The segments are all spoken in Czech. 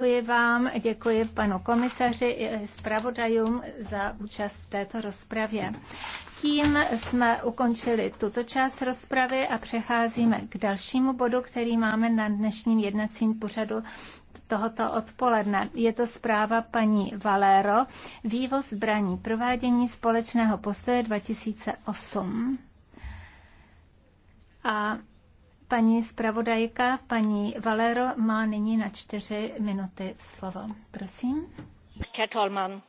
Děkuji vám, děkuji panu komisaři i zpravodajům za účast v této rozpravě. Tím jsme ukončili tuto část rozpravy a přecházíme k dalšímu bodu, který máme na dnešním jednacím pořadu tohoto odpoledne. Je to zpráva paní Valero, vývoz zbraní, provádění společného postoje 2008. A Paní zpravodajka, paní Valero, má nyní na čtyři minuty slovo. Prosím. Herr talman.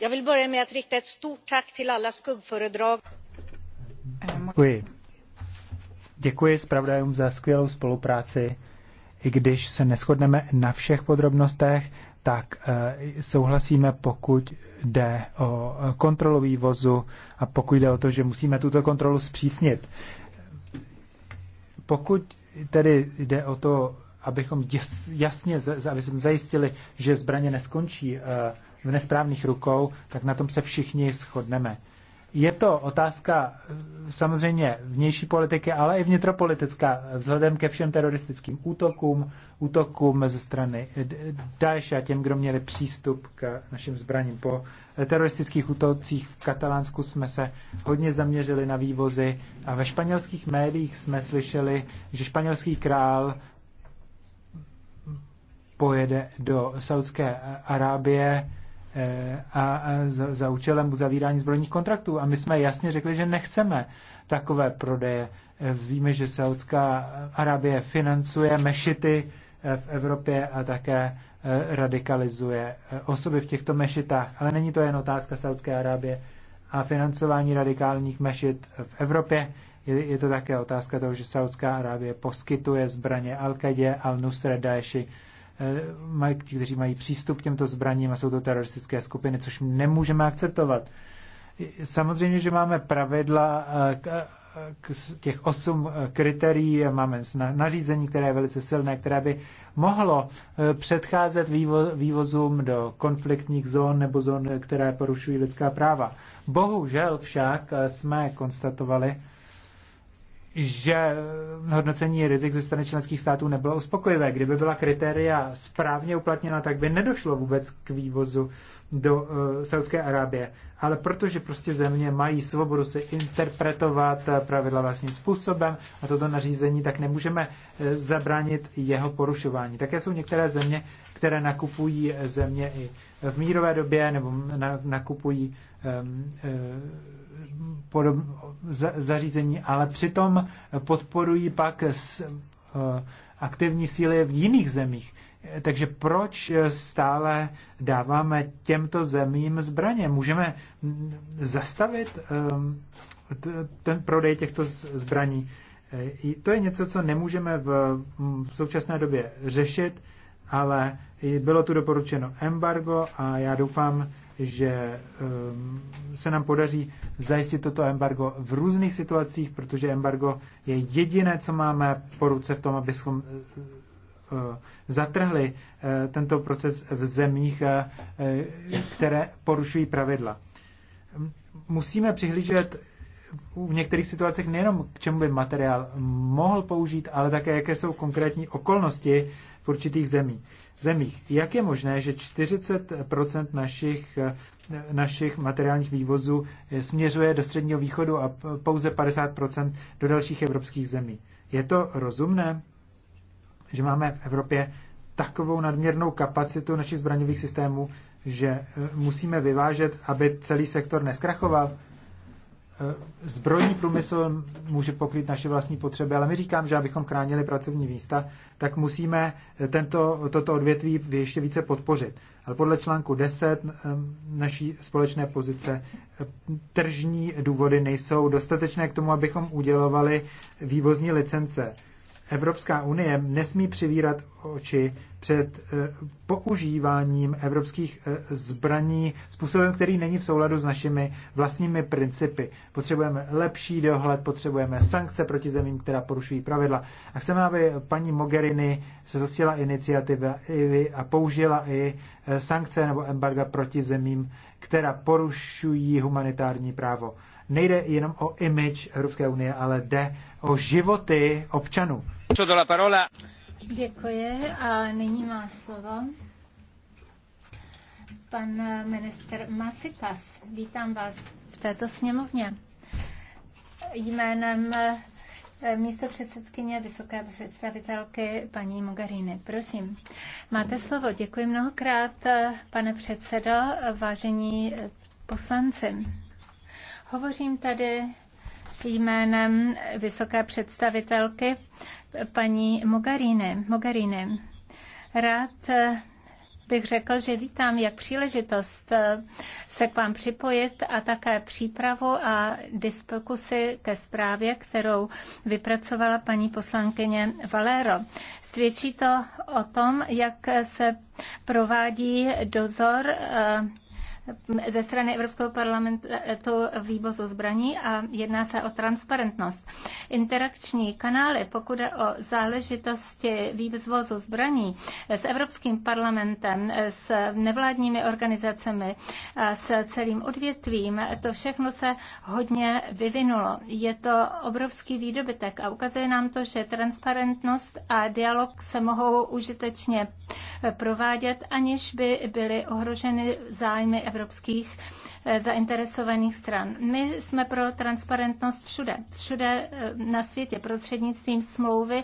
já vill börja med att rikta ett stort tack till alla skuggföredrag. Děkuji. Děkuji zpravodajům za skvělou spolupráci. I když se neschodneme na všech podrobnostech, tak eh, souhlasíme, pokud jde o eh, kontrolu vývozu a pokud jde o to, že musíme tuto kontrolu zpřísnit. Pokud tedy jde o to, abychom jasně aby jsme zajistili, že zbraně neskončí eh, v nesprávných rukou, tak na tom se všichni shodneme. Je to otázka eh, samozřejmě vnější politiky, ale i vnitropolitická, vzhledem ke všem teroristickým útokům, útokům ze strany Daesh a těm, kdo měli přístup k našim zbraním. Po teroristických útocích v Katalánsku jsme se hodně zaměřili na vývozy a ve španělských médiích jsme slyšeli, že španělský král pojede do Saudské Arábie a, za, za účelem uzavírání zbrojních kontraktů. A my jsme jasně řekli, že nechceme takové prodeje. Víme, že Saudská Arábie financuje mešity eh, v Evropě a také eh, radikalizuje eh, osoby v těchto mešitách. Ale není to jen otázka Saudské Arábie a financování radikálních mešit v Evropě. Je, je to také otázka toho, že Saudská Arábie poskytuje zbraně Al-Qaidě, Al-Nusra, Daeshi, Eh, kteří mají přístup k těmto zbraním a jsou to teroristické skupiny, což nemůžeme akceptovat. Eh, samozřejmě, že máme pravidla eh, k těch osm kritérií, máme nařízení, které je velice silné, které by mohlo předcházet vývo, vývozům do konfliktních zón nebo zón, které porušují lidská práva. Bohužel však jsme konstatovali, že hodnocení rizik ze strany členských států nebylo uspokojivé. Kdyby byla kritéria správně uplatněna, tak by nedošlo vůbec k vývozu do uh, eh, Saudské Arábie. Ale protože prostě země mají svobodu si interpretovat eh, pravidla vlastním způsobem a toto nařízení, tak nemůžeme uh, zabránit jeho porušování. Také jsou některé země, které nakupují země i v mírové době nebo na, nakupují um, um, podob, za, zařízení, ale přitom podporují pak s, uh, aktivní síly v jiných zemích. Takže proč eh, stále dáváme těmto zemím zbraně? Můžeme mm, zastavit um, t, ten prodej těchto zbraní. To je něco, co nemůžeme v, mm, v současné době řešit ale bylo tu doporučeno embargo a já doufám, že ehm, se nám podaří zajistit toto embargo v různých situacích, protože embargo je jediné, co máme po ruce v tom, abychom eh, eh, zatrhli eh, tento proces v zemích, které porušují pravidla. Musíme přihlížet v některých situacích nejenom k čemu by materiál mohl použít, ale také jaké jsou konkrétní okolnosti, v určitých zemí. zemích. Jak je možné, že 40 našich, našich materiálních vývozů eh, směřuje do Středního východu a pouze 50 do dalších evropských zemí? Je to rozumné, že máme v Evropě takovou nadměrnou kapacitu našich zbraňových systémů, že eh, musíme vyvážet, aby celý sektor neskrachoval? Eh, zbrojní průmysl může pokrýt naše vlastní potřeby, ale my říkám, že abychom chránili pracovní místa, tak musíme eh, tento, toto odvětví ještě více podpořit. Ale podle článku 10 eh, naší společné pozice tržní důvody nejsou dostatečné k tomu, abychom udělovali vývozní licence. Evropská unie nesmí přivírat oči před eh, používáním evropských eh, zbraní způsobem, který není v souladu s našimi vlastními principy. Potřebujeme lepší dohled, potřebujeme sankce proti zemím, která porušují pravidla. A chceme, aby paní Mogherini se zostila iniciativy a použila i eh, sankce nebo embarga proti zemím, která porušují humanitární právo nejde jenom o image Evropské unie, ale jde o životy občanů. Děkuji a nyní má slovo pan minister Masikas. Vítám vás v této sněmovně. Jménem eh, místo předsedkyně Vysoké představitelky paní Mogherini. Prosím, máte slovo. Děkuji mnohokrát, eh, pane předsedo, vážení eh, poslanci. Hovořím tady jménem vysoké představitelky paní Mogarine. Mogarine. Rád eh, bych řekl, že vítám jak příležitost eh, se k vám připojit a také přípravu a diskusy ke zprávě, kterou vypracovala paní poslankyně Valero. Svědčí to o tom, jak se provádí dozor eh, ze strany Evropského parlamentu eh, vývozu zbraní a jedná se o transparentnost. Interakční kanály, pokud je o záležitosti vývozu zbraní eh, s Evropským parlamentem, eh, s nevládními organizacemi, s celým odvětvím, to všechno se hodně vyvinulo. Je to obrovský výdobytek a ukazuje nám to, že transparentnost a dialog se mohou užitečně provádět, aniž by byly ohroženy zájmy evropských Eh, zainteresovaných stran. My jsme pro transparentnost všude, všude eh, na světě prostřednictvím smlouvy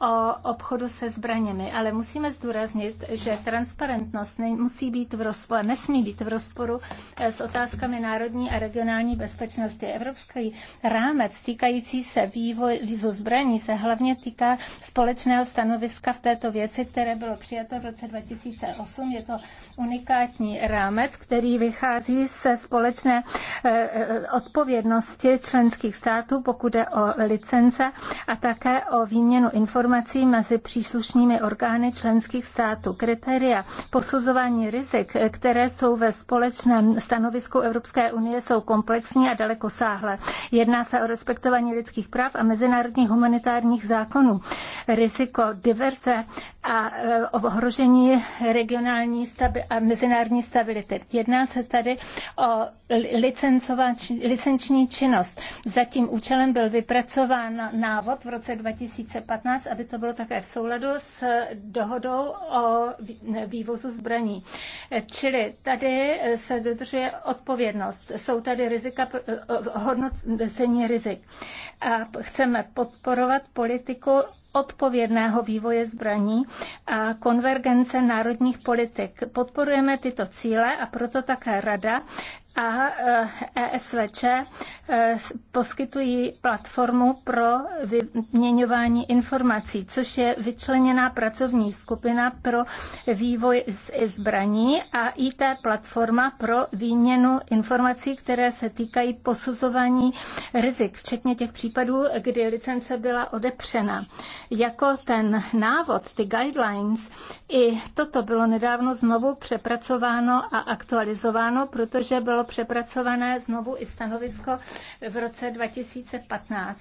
o obchodu se zbraněmi, ale musíme zdůraznit, že transparentnost musí být v rozporu, nesmí být v rozporu eh, s otázkami národní a regionální bezpečnosti. Evropský rámec týkající se vývoj výzu zbraní se hlavně týká společného stanoviska v této věci, které bylo přijato v roce 2008. Je to unikátní rámec, který vychází se společné eh, eh, odpovědnosti členských států, pokud je o licence a také o výměnu informací mezi příslušnými orgány členských států. Kritéria posuzování rizik, které jsou ve společném stanovisku Evropské unie, jsou komplexní a dalekosáhlé. Jedná se o respektování lidských práv a mezinárodních humanitárních zákonů. Riziko diverze a eh, ohrožení regionální stabi- a mezinárodní stability. Jedná se tady o licenční činnost. Za tím účelem byl vypracován návod v roce 2015, aby to bylo také v souladu s dohodou o vývozu zbraní. Čili tady se dodržuje odpovědnost. Jsou tady rizika, eh, hodnocení rizik. A chceme podporovat politiku odpovědného vývoje zbraní a konvergence národních politik. Podporujeme tyto cíle a proto také Rada a ESVČ eh, e eh, poskytují platformu pro vyměňování informací, což je vyčleněná pracovní skupina pro vývoj zbraní a IT platforma pro výměnu informací, které se týkají posuzování rizik, včetně těch případů, kdy licence byla odepřena. Jako ten návod, ty guidelines, i toto bylo nedávno znovu přepracováno a aktualizováno, protože bylo bylo přepracované znovu i stanovisko v roce 2015.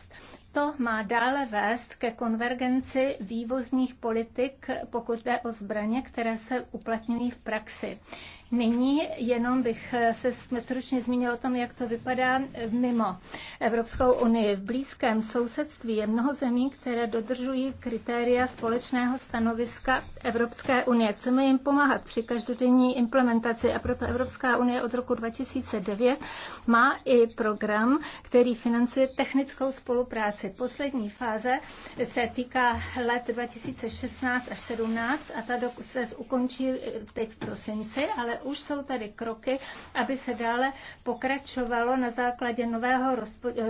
To má dále vést ke konvergenci vývozních politik, pokud jde o zbraně, které se uplatňují v praxi. Nyní jenom bych eh, se stručně zmínil o tom, jak to vypadá eh, mimo Evropskou unii. V blízkém sousedství je mnoho zemí, které dodržují kritéria společného stanoviska Evropské unie. Chceme jim pomáhat při každodenní implementaci a proto Evropská unie od roku 2009 má i program, který financuje technickou spolupráci. Poslední fáze se týká let 2016 až 2017 a ta se ukončí eh, teď v prosinci, ale už jsou tady kroky, aby se dále pokračovalo na základě nového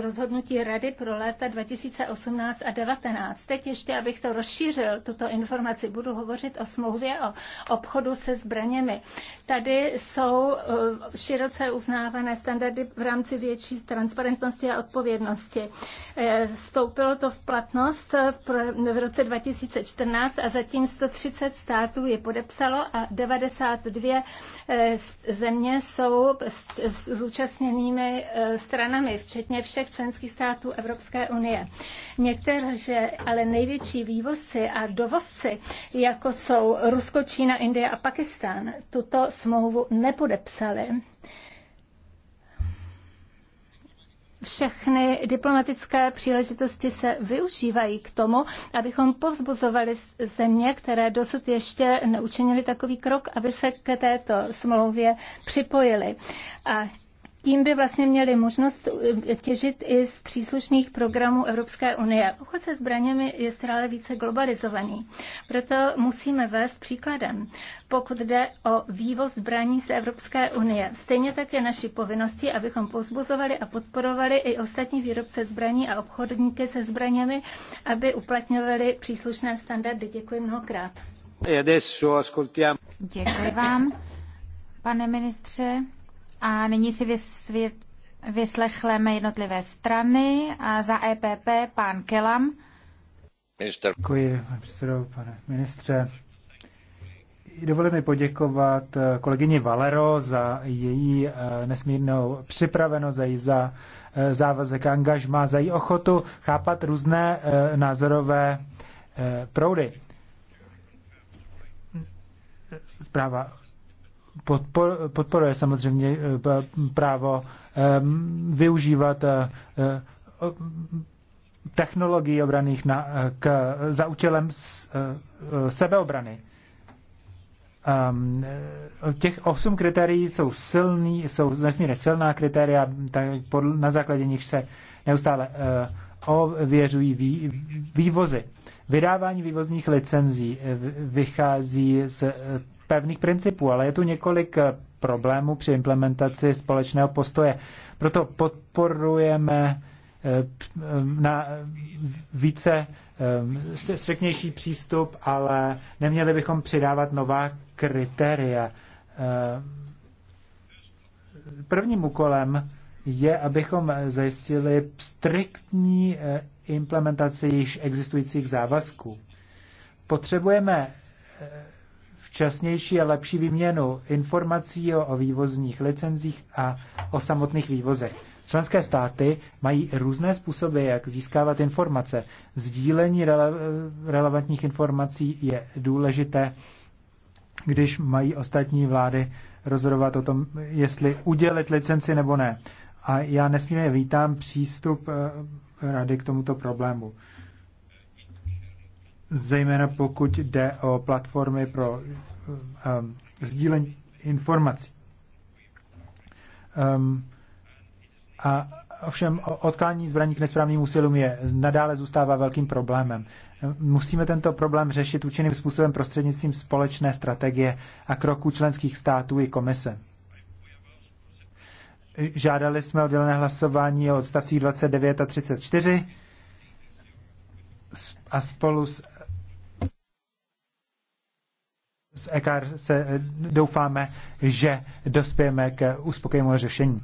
rozhodnutí Rady pro léta 2018 a 2019. Teď ještě, abych to rozšířil, tuto informaci, budu hovořit o smlouvě o obchodu se zbraněmi. Tady jsou eh, široce uznávané standardy v rámci větší transparentnosti a odpovědnosti. Eh, Stoupilo to v platnost v roce 2014 a zatím 130 států je podepsalo a 92 Eh, země jsou zúčastněnými eh, stranami, včetně všech členských států Evropské unie. Některé, že ale největší vývozci a dovozci, jako jsou Rusko, Čína, Indie a Pakistán, tuto smlouvu nepodepsali. všechny diplomatické příležitosti se využívají k tomu, abychom povzbuzovali země, které dosud ještě neučinili takový krok, aby se k této smlouvě připojili. A tím by vlastně měli možnost eh, těžit i z příslušných programů Evropské unie. Obchod se zbraněmi je stále více globalizovaný, proto musíme vést příkladem, pokud jde o vývoz zbraní z Evropské unie. Stejně tak je naší povinností, abychom pozbuzovali a podporovali i ostatní výrobce zbraní a obchodníky se zbraněmi, aby uplatňovali příslušné standardy. Děkuji mnohokrát. E Děkuji vám, pane ministře. A nyní si vysvět, vyslechleme jednotlivé strany. A za EPP pán Kelam. Minister. Děkuji, pane předsedo, pane ministře. Dovolím mi poděkovat eh, kolegyni Valero za její eh, nesmírnou připravenost, za její za, eh, závazek angažma, za její ochotu chápat různé názorové proudy. Zpráva podporuje samozřejmě eh, právo ehm, využívat eh, eh, technologií obraných na, k, za účelem sebeobrany. Um, těch osm kritérií jsou silný, jsou nesmírně silná kritéria, tak pod, na základě nich se neustále uh, ověřují vý, vývozy. Vydávání vývozních licenzí vychází z pevných principů, ale je tu několik eh, problémů při implementaci společného postoje. Proto podporujeme eh, eh, na více striktnější přístup, ale neměli bychom přidávat nová kritéria. Prvním úkolem je, abychom zajistili striktní implementaci již existujících závazků. Potřebujeme včasnější a lepší výměnu informací o, o vývozních licenzích a o samotných vývozech. Členské státy mají různé způsoby, jak získávat informace. Sdílení rele, relevantních informací je důležité, když mají ostatní vlády rozhodovat o tom, jestli udělit licenci nebo ne. A já nesmírně vítám přístup eh, rady k tomuto problému zejména pokud jde o platformy pro um, sdílení informací. Um, a ovšem odklání zbraní k nesprávným úsilům je nadále zůstává velkým problémem. Musíme tento problém řešit účinným způsobem prostřednictvím společné strategie a kroků členských států i komise. Žádali jsme oddělené hlasování o odstavcích 29 a 34 a spolu s S EKR se eh, doufáme, že dospějeme k uspokojivému řešení.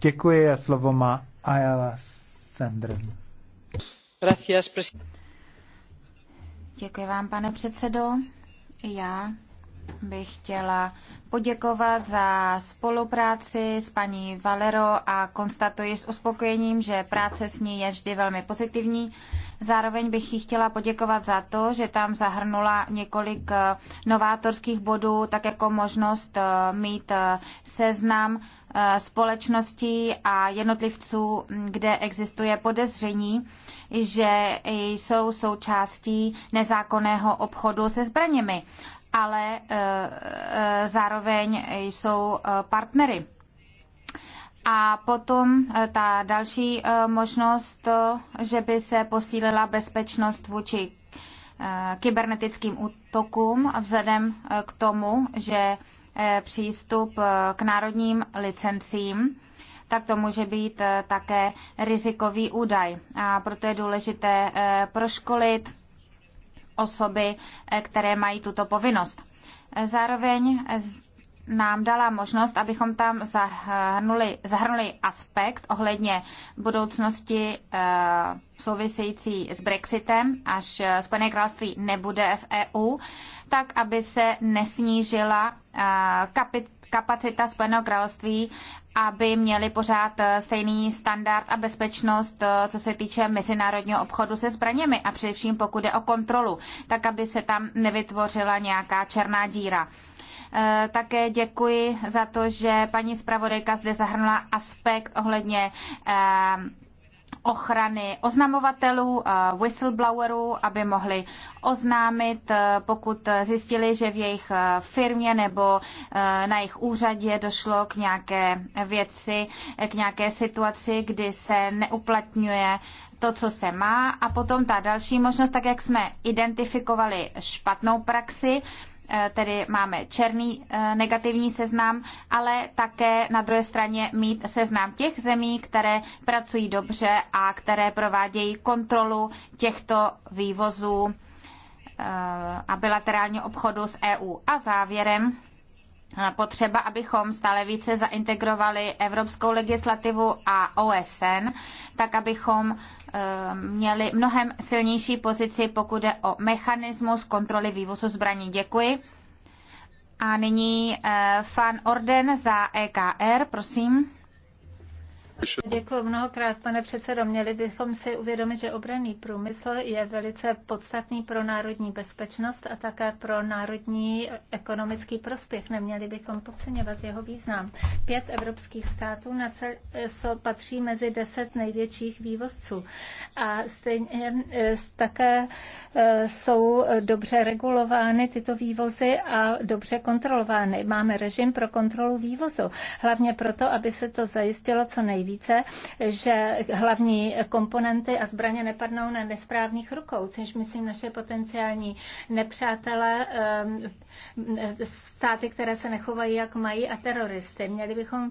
Děkuji a slovo má Ayala Sendrn. Děkuji vám, pane předsedo. Já bych chtěla poděkovat za spolupráci s paní Valero a konstatuji s uspokojením, že práce s ní je vždy velmi pozitivní Zároveň bych jí chtěla poděkovat za to, že tam zahrnula několik eh, novátorských bodů, tak jako možnost eh, mít eh, seznam společností a jednotlivců, kde existuje podezření, že jsou součástí nezákonného obchodu se zbraněmi, ale zároveň jsou partnery a potom eh, ta další eh, možnost, eh, že by se posílila bezpečnost vůči kybernetickým útokům vzhledem k tomu, že přístup k národním licencím, tak to může být také rizikový údaj. A proto je důležité proškolit osoby, které mají tuto povinnost. Zároveň nám dala možnost, abychom tam zahrnuli, zahrnuli aspekt ohledně budoucnosti eh, související s Brexitem, až Spojené království nebude v EU, tak aby se nesnížila eh, kapacita Spojeného království, aby měli pořád eh, stejný standard a bezpečnost, co se týče mezinárodního obchodu se zbraněmi a především pokud jde o kontrolu, tak aby se tam nevytvořila nějaká černá díra. Eh, také děkuji za to, že paní zpravodajka zde zahrnula aspekt ohledně eh, ochrany oznamovatelů, eh, whistleblowerů, aby mohli oznámit, pokud zjistili, že v jejich firmě nebo na jejich úřadě došlo k nějaké věci, k nějaké situaci, kdy se neuplatňuje to, co se má. A potom ta další možnost, tak jak jsme identifikovali špatnou praxi, Eh, tedy máme černý eh, negativní seznam, ale také na druhé straně mít seznam těch zemí, které pracují dobře a které provádějí kontrolu těchto vývozů eh, a bilaterálního obchodu s EU. A závěrem potřeba, abychom stále více zaintegrovali evropskou legislativu a OSN, tak abychom eh, měli mnohem silnější pozici, pokud jde o mechanismus kontroly vývozu zbraní. Děkuji. A nyní fan eh, Orden za EKR, prosím. Děkuji mnohokrát, pane předsedo. Měli bychom si uvědomit, že obranný průmysl je velice podstatný pro národní bezpečnost a také pro národní ekonomický prospěch. Neměli bychom podceňovat jeho význam. Pět evropských států na cel, so, patří mezi deset největších vývozců a stejně e, také e, jsou dobře regulovány tyto vývozy a dobře kontrolovány. Máme režim pro kontrolu vývozu, hlavně proto, aby se to zajistilo co nejvíce více, že hlavní komponenty a zbraně nepadnou na nesprávných rukou, což myslím naše potenciální nepřátelé ehm, státy, které se nechovají, jak mají, a teroristy. Měli bychom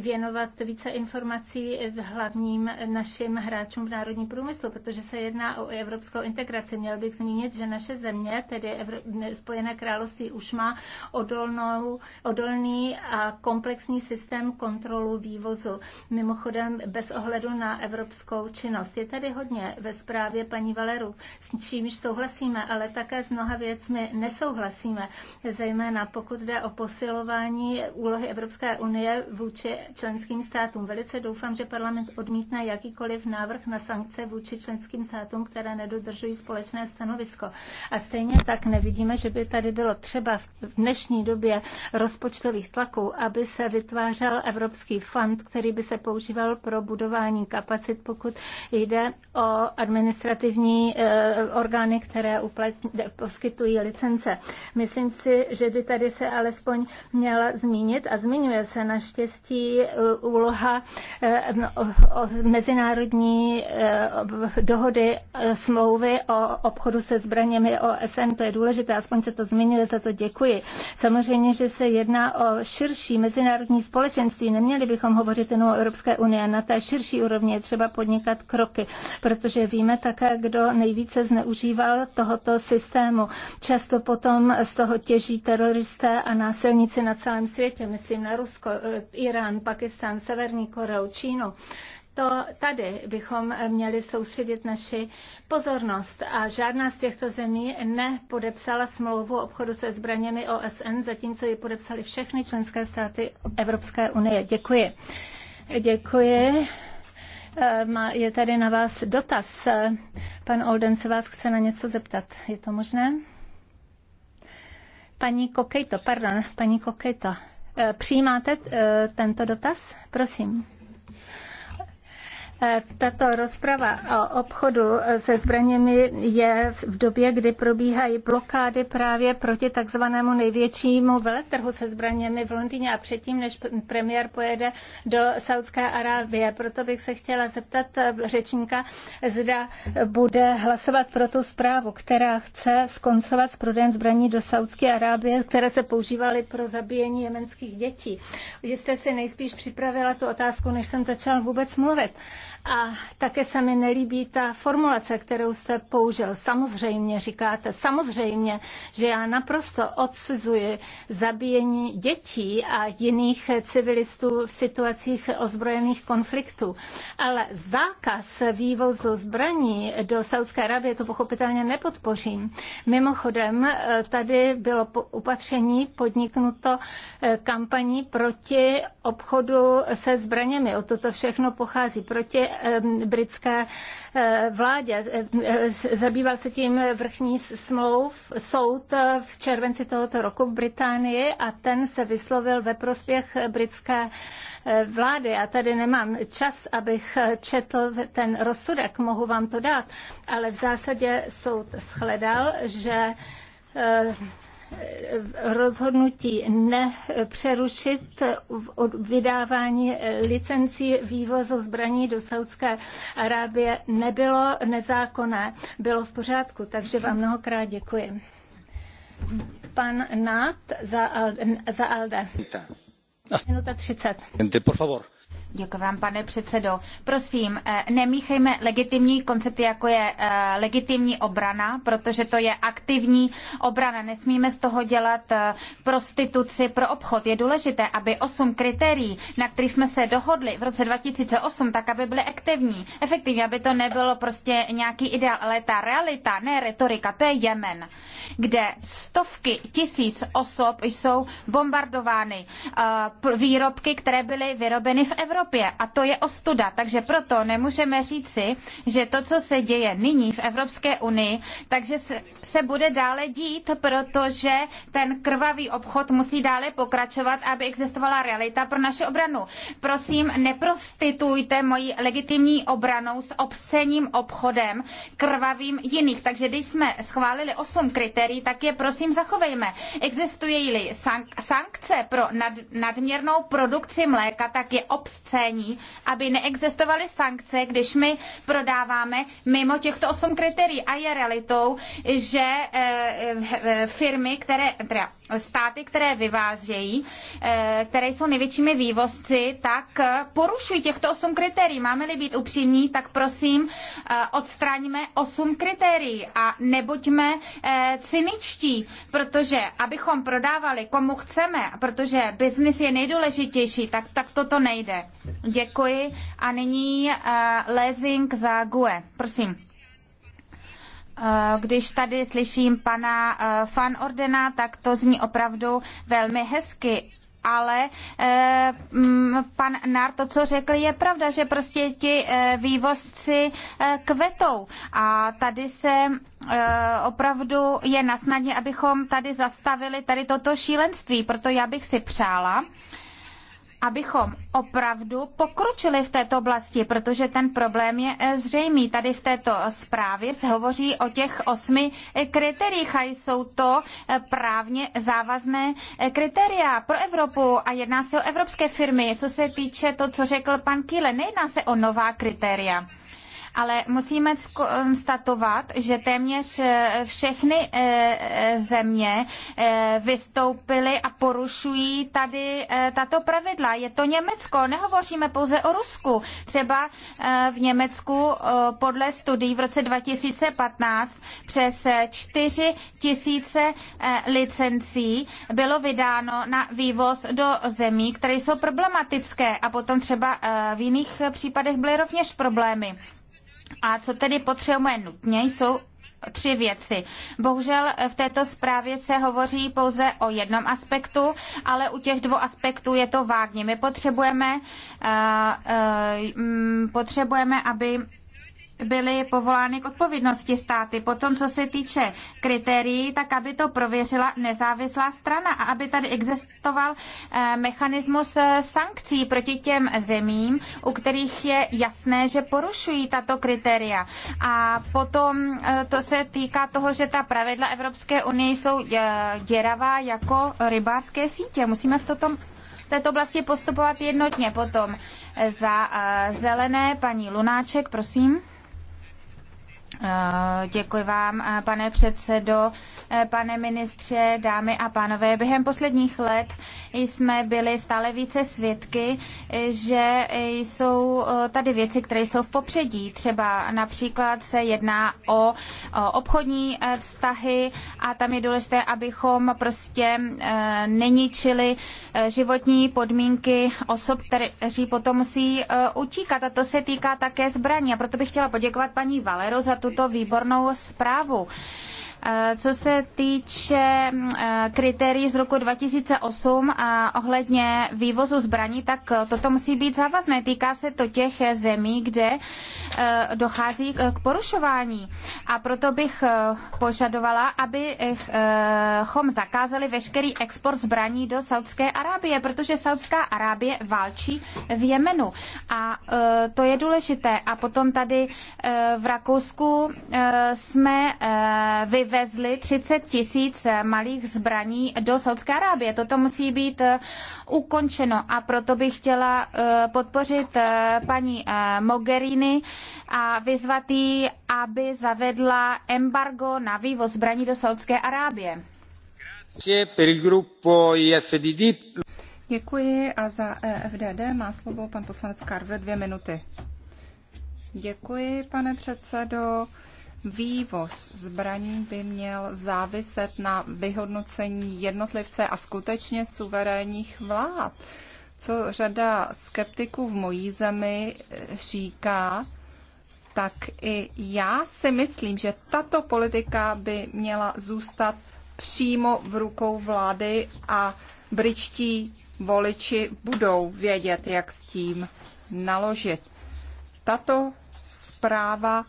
věnovat více informací hlavním našim hráčům v národní průmyslu, protože se jedná o evropskou integraci. Měl bych zmínit, že naše země, tedy Evro- Spojené království, už má odolnou, odolný a komplexní systém kontrolu vývozu. Mimochodem, bez ohledu na evropskou činnost. Je tady hodně ve zprávě paní Valeru, s čímž souhlasíme, ale také s mnoha věcmi nesouhlasíme souhlasíme, zejména pokud jde o posilování úlohy Evropské unie vůči členským státům. Velice doufám, že parlament odmítne jakýkoliv návrh na sankce vůči členským státům, které nedodržují společné stanovisko. A stejně tak nevidíme, že by tady bylo třeba v dnešní době rozpočtových tlaků, aby se vytvářel Evropský fond, který by se používal pro budování kapacit, pokud jde o administrativní eh, orgány, které uplatň, poskytují licence. Myslím si, že by tady se alespoň měla zmínit a zmiňuje se naštěstí eh, úloha eh, no, mezinárodní eh, dohody smlouvy o obchodu se zbraněmi OSN. To je důležité, aspoň se to zmiňuje, za to děkuji. Samozřejmě, že se jedná o širší mezinárodní společenství. Neměli bychom hovořit jenom o Evropské unii. Na té širší úrovni je třeba podnikat kroky, protože víme také, kdo nejvíce zneužíval tohoto systému. Často potom z toho těží teroristé a násilníci na celém světě, myslím na Rusko, eh, Irán, Pakistán, Severní Koreu, Čínu to tady bychom měli soustředit naši pozornost. A žádná z těchto zemí nepodepsala smlouvu o obchodu se zbraněmi OSN, zatímco ji podepsali všechny členské státy Evropské unie. Děkuji. Děkuji. Eh, je tady na vás dotaz. Pan Olden se vás chce na něco zeptat. Je to možné? Paní Kokejto, pardon, paní Kokejto, eh, přijímáte eh, tento dotaz? Prosím. Tato rozprava o obchodu se zbraněmi je v době, kdy probíhají blokády právě proti takzvanému největšímu veletrhu se zbraněmi v Londýně a předtím, než premiér pojede do Saudské Arábie. Proto bych se chtěla zeptat řečníka, zda bude hlasovat pro tu zprávu, která chce skoncovat s prodejem zbraní do Saudské Arábie, které se používaly pro zabíjení jemenských dětí. Jste si nejspíš připravila tu otázku, než jsem začal vůbec mluvit. A také se mi nelíbí ta formulace, kterou jste použil. Samozřejmě, říkáte, samozřejmě, že já naprosto odsuzuji zabíjení dětí a jiných civilistů v situacích ozbrojených konfliktů. Ale zákaz vývozu zbraní do Saudské Arabie to pochopitelně nepodpořím. Mimochodem, tady bylo upatření podniknuto eh, kampaní proti obchodu se zbraněmi. O toto všechno pochází proti Eh, britské eh, vládě. Eh, zabýval se tím vrchní smlouv, soud v červenci tohoto roku v Británii a ten se vyslovil ve prospěch britské vlády. Já tady nemám čas, abych četl ten rozsudek, mohu vám to dát, ale v zásadě soud shledal, že rozhodnutí nepřerušit vydávání eh, licencí vývozu zbraní do Saudské Arábie nebylo nezákonné, bylo v pořádku, takže vám mnohokrát děkuji. Pan Nat za, Alde. Minuta 30. Por favor. Děkuji vám, pane předsedo. Prosím, eh, nemíchejme legitimní koncepty, jako je eh, legitimní obrana, protože to je aktivní obrana. Nesmíme z toho dělat eh, prostituci pro obchod. Je důležité, aby osm kritérií, na kterých jsme se dohodli v roce 2008, tak aby byly aktivní, efektivní, aby to nebylo prostě nějaký ideál, ale ta realita, ne retorika, to je Jemen, kde stovky tisíc osob jsou bombardovány výrobky, které byly vyrobeny v Evropě Evropě a to je ostuda, takže proto nemůžeme říci, že to, co se děje nyní v Evropské unii, takže se bude dále dít, protože ten krvavý obchod musí dále pokračovat, aby existovala realita pro naši obranu. Prosím, neprostitujte moji legitimní obranou s obscením obchodem krvavým jiných. Takže když jsme schválili osm kritérií, tak je prosím zachovejme. Existují-li sankce pro nad, nadměrnou produkci mléka, tak je obscení cení, aby neexistovaly sankce, když my prodáváme mimo těchto osm kritérií. A je realitou, že eh, eh, firmy, které, teda státy, které vyvážejí, eh, které jsou největšími vývozci, tak porušují těchto osm kritérií. Máme-li být upřímní, tak prosím odstraňme osm kritérií a nebuďme cyničtí, protože abychom prodávali komu chceme, protože biznis je nejdůležitější, tak, tak toto nejde. Děkuji. A nyní uh, Lezing za GUE. Prosím. Eh, když tady slyším pana Fan eh, Ordena, tak to zní opravdu velmi hezky ale eh, mm, pan Nár to, co řekl, je pravda, že prostě ti eh, vývozci eh, kvetou a tady se opravdu je nasnadně, abychom tady zastavili tady toto šílenství, proto já bych si přála, eh, abychom opravdu pokročili v této oblasti, protože ten problém je eh, zřejmý. Tady v této zprávě se hovoří o těch osmi eh, kritériích a jsou to eh, právně závazné kritéria pro Evropu a jedná se o evropské firmy. Co se týče to, co řekl pan Kile, nejedná se o nová kritéria ale musíme konstatovat, že téměř eh, všechny eh, eh, země vystoupily a porušují tady tato pravidla. Je to Německo, nehovoříme pouze o Rusku. Třeba v Německu podle studií v roce 2015 přes 4 tisíce licencí bylo vydáno na vývoz do zemí, které jsou problematické a potom třeba v jiných případech byly rovněž problémy. A co tedy potřebujeme nutně, jsou tři věci. Bohužel v této zprávě se hovoří pouze o jednom aspektu, ale u těch dvou aspektů je to vágně. My potřebujeme, uh, uh, potřebujeme aby byly povolány k odpovědnosti státy. Potom, co se týče kritérií, tak aby to prověřila nezávislá strana a aby tady existoval eh, mechanismus eh, sankcí proti těm zemím, u kterých je jasné, že porušují tato kritéria. A potom eh, to se týká toho, že ta pravidla Evropské unie jsou děravá jako rybářské sítě. Musíme v tom této oblasti postupovat jednotně. Potom za zelené paní Lunáček, prosím. Eh, děkuji vám, eh, pane předsedo, eh, pane ministře, dámy a pánové. Během posledních let jsme byli stále více svědky, že jsou tady věci, které jsou v popředí. Třeba například se jedná o obchodní vztahy a tam je důležité, abychom prostě neničili životní podmínky osob, které potom musí utíkat. A to se týká také zbraní. A proto bych chtěla poděkovat paní Valero za tuto výbornou zprávu. Eh, co se týče eh, kritérií z roku 2008 a eh, ohledně vývozu zbraní, tak toto musí být závazné. Týká se to těch zemí, kde dochází k porušování. A proto bych požadovala, abychom zakázali veškerý export zbraní do Saudské Arábie, protože Saudská Arábie válčí v Jemenu. A to je důležité. A potom tady v Rakousku jsme vyvinuli vyvezli 30 tisíc malých zbraní do Saudské Arábie. Toto musí být eh, ukončeno a proto bych chtěla eh, podpořit eh, paní Mogherini a vyzvat ji, aby zavedla embargo na vývoz zbraní do Saudské Arábie. Děkuji a za EFDD má slovo pan poslanec Karve dvě minuty. Děkuji, pane předsedo. Vývoz zbraní by měl záviset na vyhodnocení jednotlivce a skutečně suverénních vlád. Co řada skeptiků v mojí zemi eh, říká, tak i já si myslím, že tato politika by měla zůstat přímo v rukou vlády a bričtí voliči budou vědět, jak s tím naložit. Tato zpráva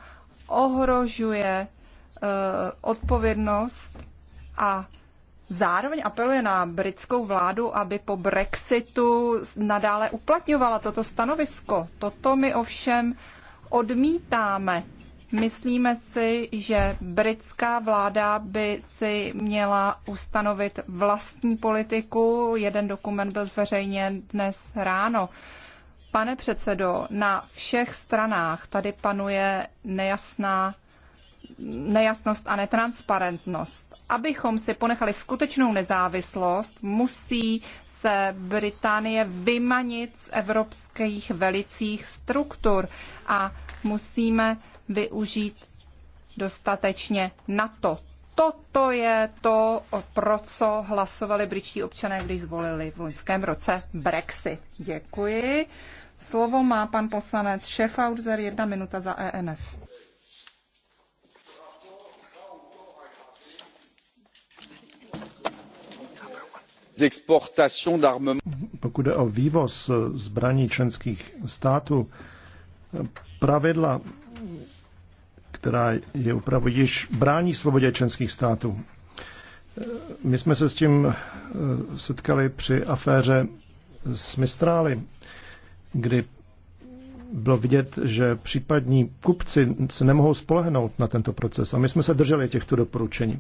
ohrožuje eh, odpovědnost a zároveň apeluje na britskou vládu, aby po Brexitu nadále uplatňovala toto stanovisko. Toto my ovšem odmítáme. Myslíme si, že britská vláda by si měla ustanovit vlastní politiku. Jeden dokument byl zveřejněn dnes ráno. Pane předsedo, na všech stranách tady panuje nejasná nejasnost a netransparentnost. Abychom si ponechali skutečnou nezávislost, musí se Británie vymanit z evropských velicích struktur a musíme využít dostatečně na To, Toto je to, pro co hlasovali britští občané, když zvolili v loňském roce Brexit. Děkuji. Slovo má pan poslanec Šefauzer, jedna minuta za e ENF. Pokud jde o vývoz zbraní členských států, pravidla, která je upravo již brání svobodě členských států. My jsme se s tím eh, setkali při aféře s Mistrály kdy bylo vidět, že případní kupci se nemohou spolehnout na tento proces a my jsme se drželi těchto doporučení.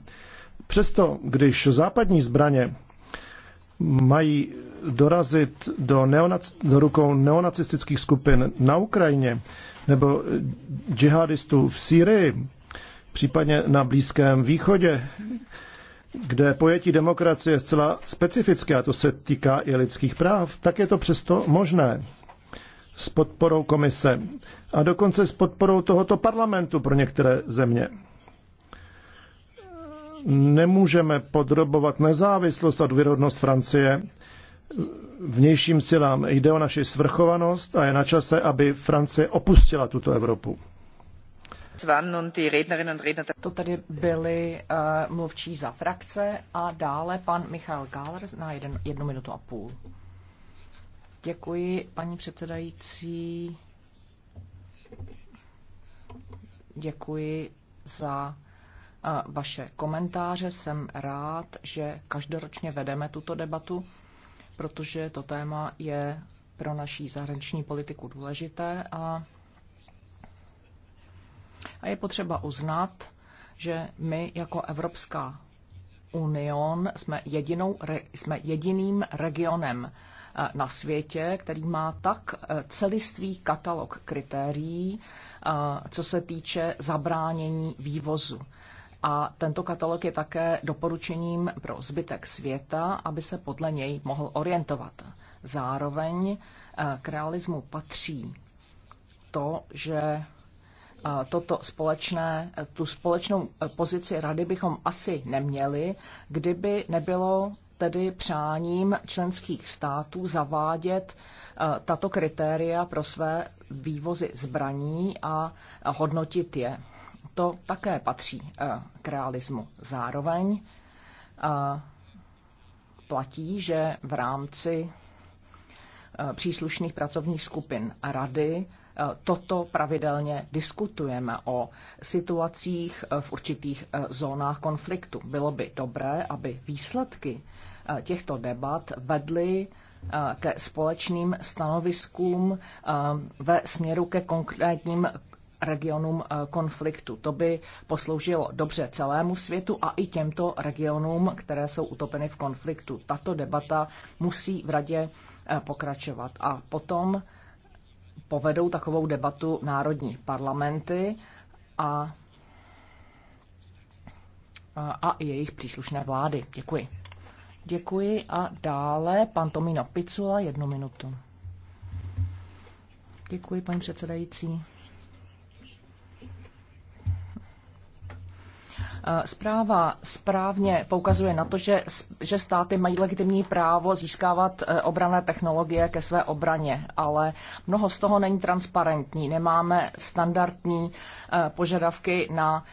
Přesto, když západní zbraně mají dorazit do, neonac- do rukou neonacistických skupin na Ukrajině nebo džihadistů v Sýrii, případně na Blízkém východě, kde pojetí demokracie je zcela specifické, a to se týká i lidských práv, tak je to přesto možné s podporou komise a dokonce s podporou tohoto parlamentu pro některé země. Nemůžeme podrobovat nezávislost a důvěrodnost Francie vnějším silám. Jde o naši svrchovanost a je na čase, aby Francie opustila tuto Evropu. To tady byli uh, mluvčí za frakce a dále pan Michal Gáler na jeden, jednu minutu a půl. Děkuji, paní předsedající. Děkuji za vaše komentáře. Jsem rád, že každoročně vedeme tuto debatu, protože to téma je pro naší zahraniční politiku důležité a, a je potřeba uznat, že my jako Evropská union jsme, jedinou, jsme jediným regionem Eh, na světě, který má tak eh, celistvý katalog kritérií, eh, co se týče zabránění vývozu. A tento katalog je také doporučením pro zbytek světa, aby se podle něj mohl orientovat. Zároveň k realismu patří to, že toto společné, tu společnou pozici rady bychom asi neměli, kdyby nebylo tedy přáním členských států zavádět eh, tato kritéria pro své vývozy zbraní a hodnotit je. To také patří eh, k realismu. Zároveň eh, platí, že v rámci příslušných pracovních skupin a rady toto pravidelně diskutujeme o situacích v určitých zónách konfliktu. Bylo by dobré, aby výsledky Eh, těchto debat vedly eh, ke společným stanoviskům eh, ve směru ke konkrétním regionům konfliktu. To by posloužilo dobře celému světu a i těmto regionům, které jsou utopeny v konfliktu. Tato debata musí v radě pokračovat. A potom povedou takovou debatu národní parlamenty a, a a jejich příslušné vlády. Děkuji. Děkuji a dále pan Tomino Picula, jednu minutu. Děkuji, paní předsedající. Eh, zpráva správně poukazuje na to, že, že státy mají legitimní právo získávat eh, obrané technologie ke své obraně, ale mnoho z toho není transparentní. Nemáme standardní eh, požadavky na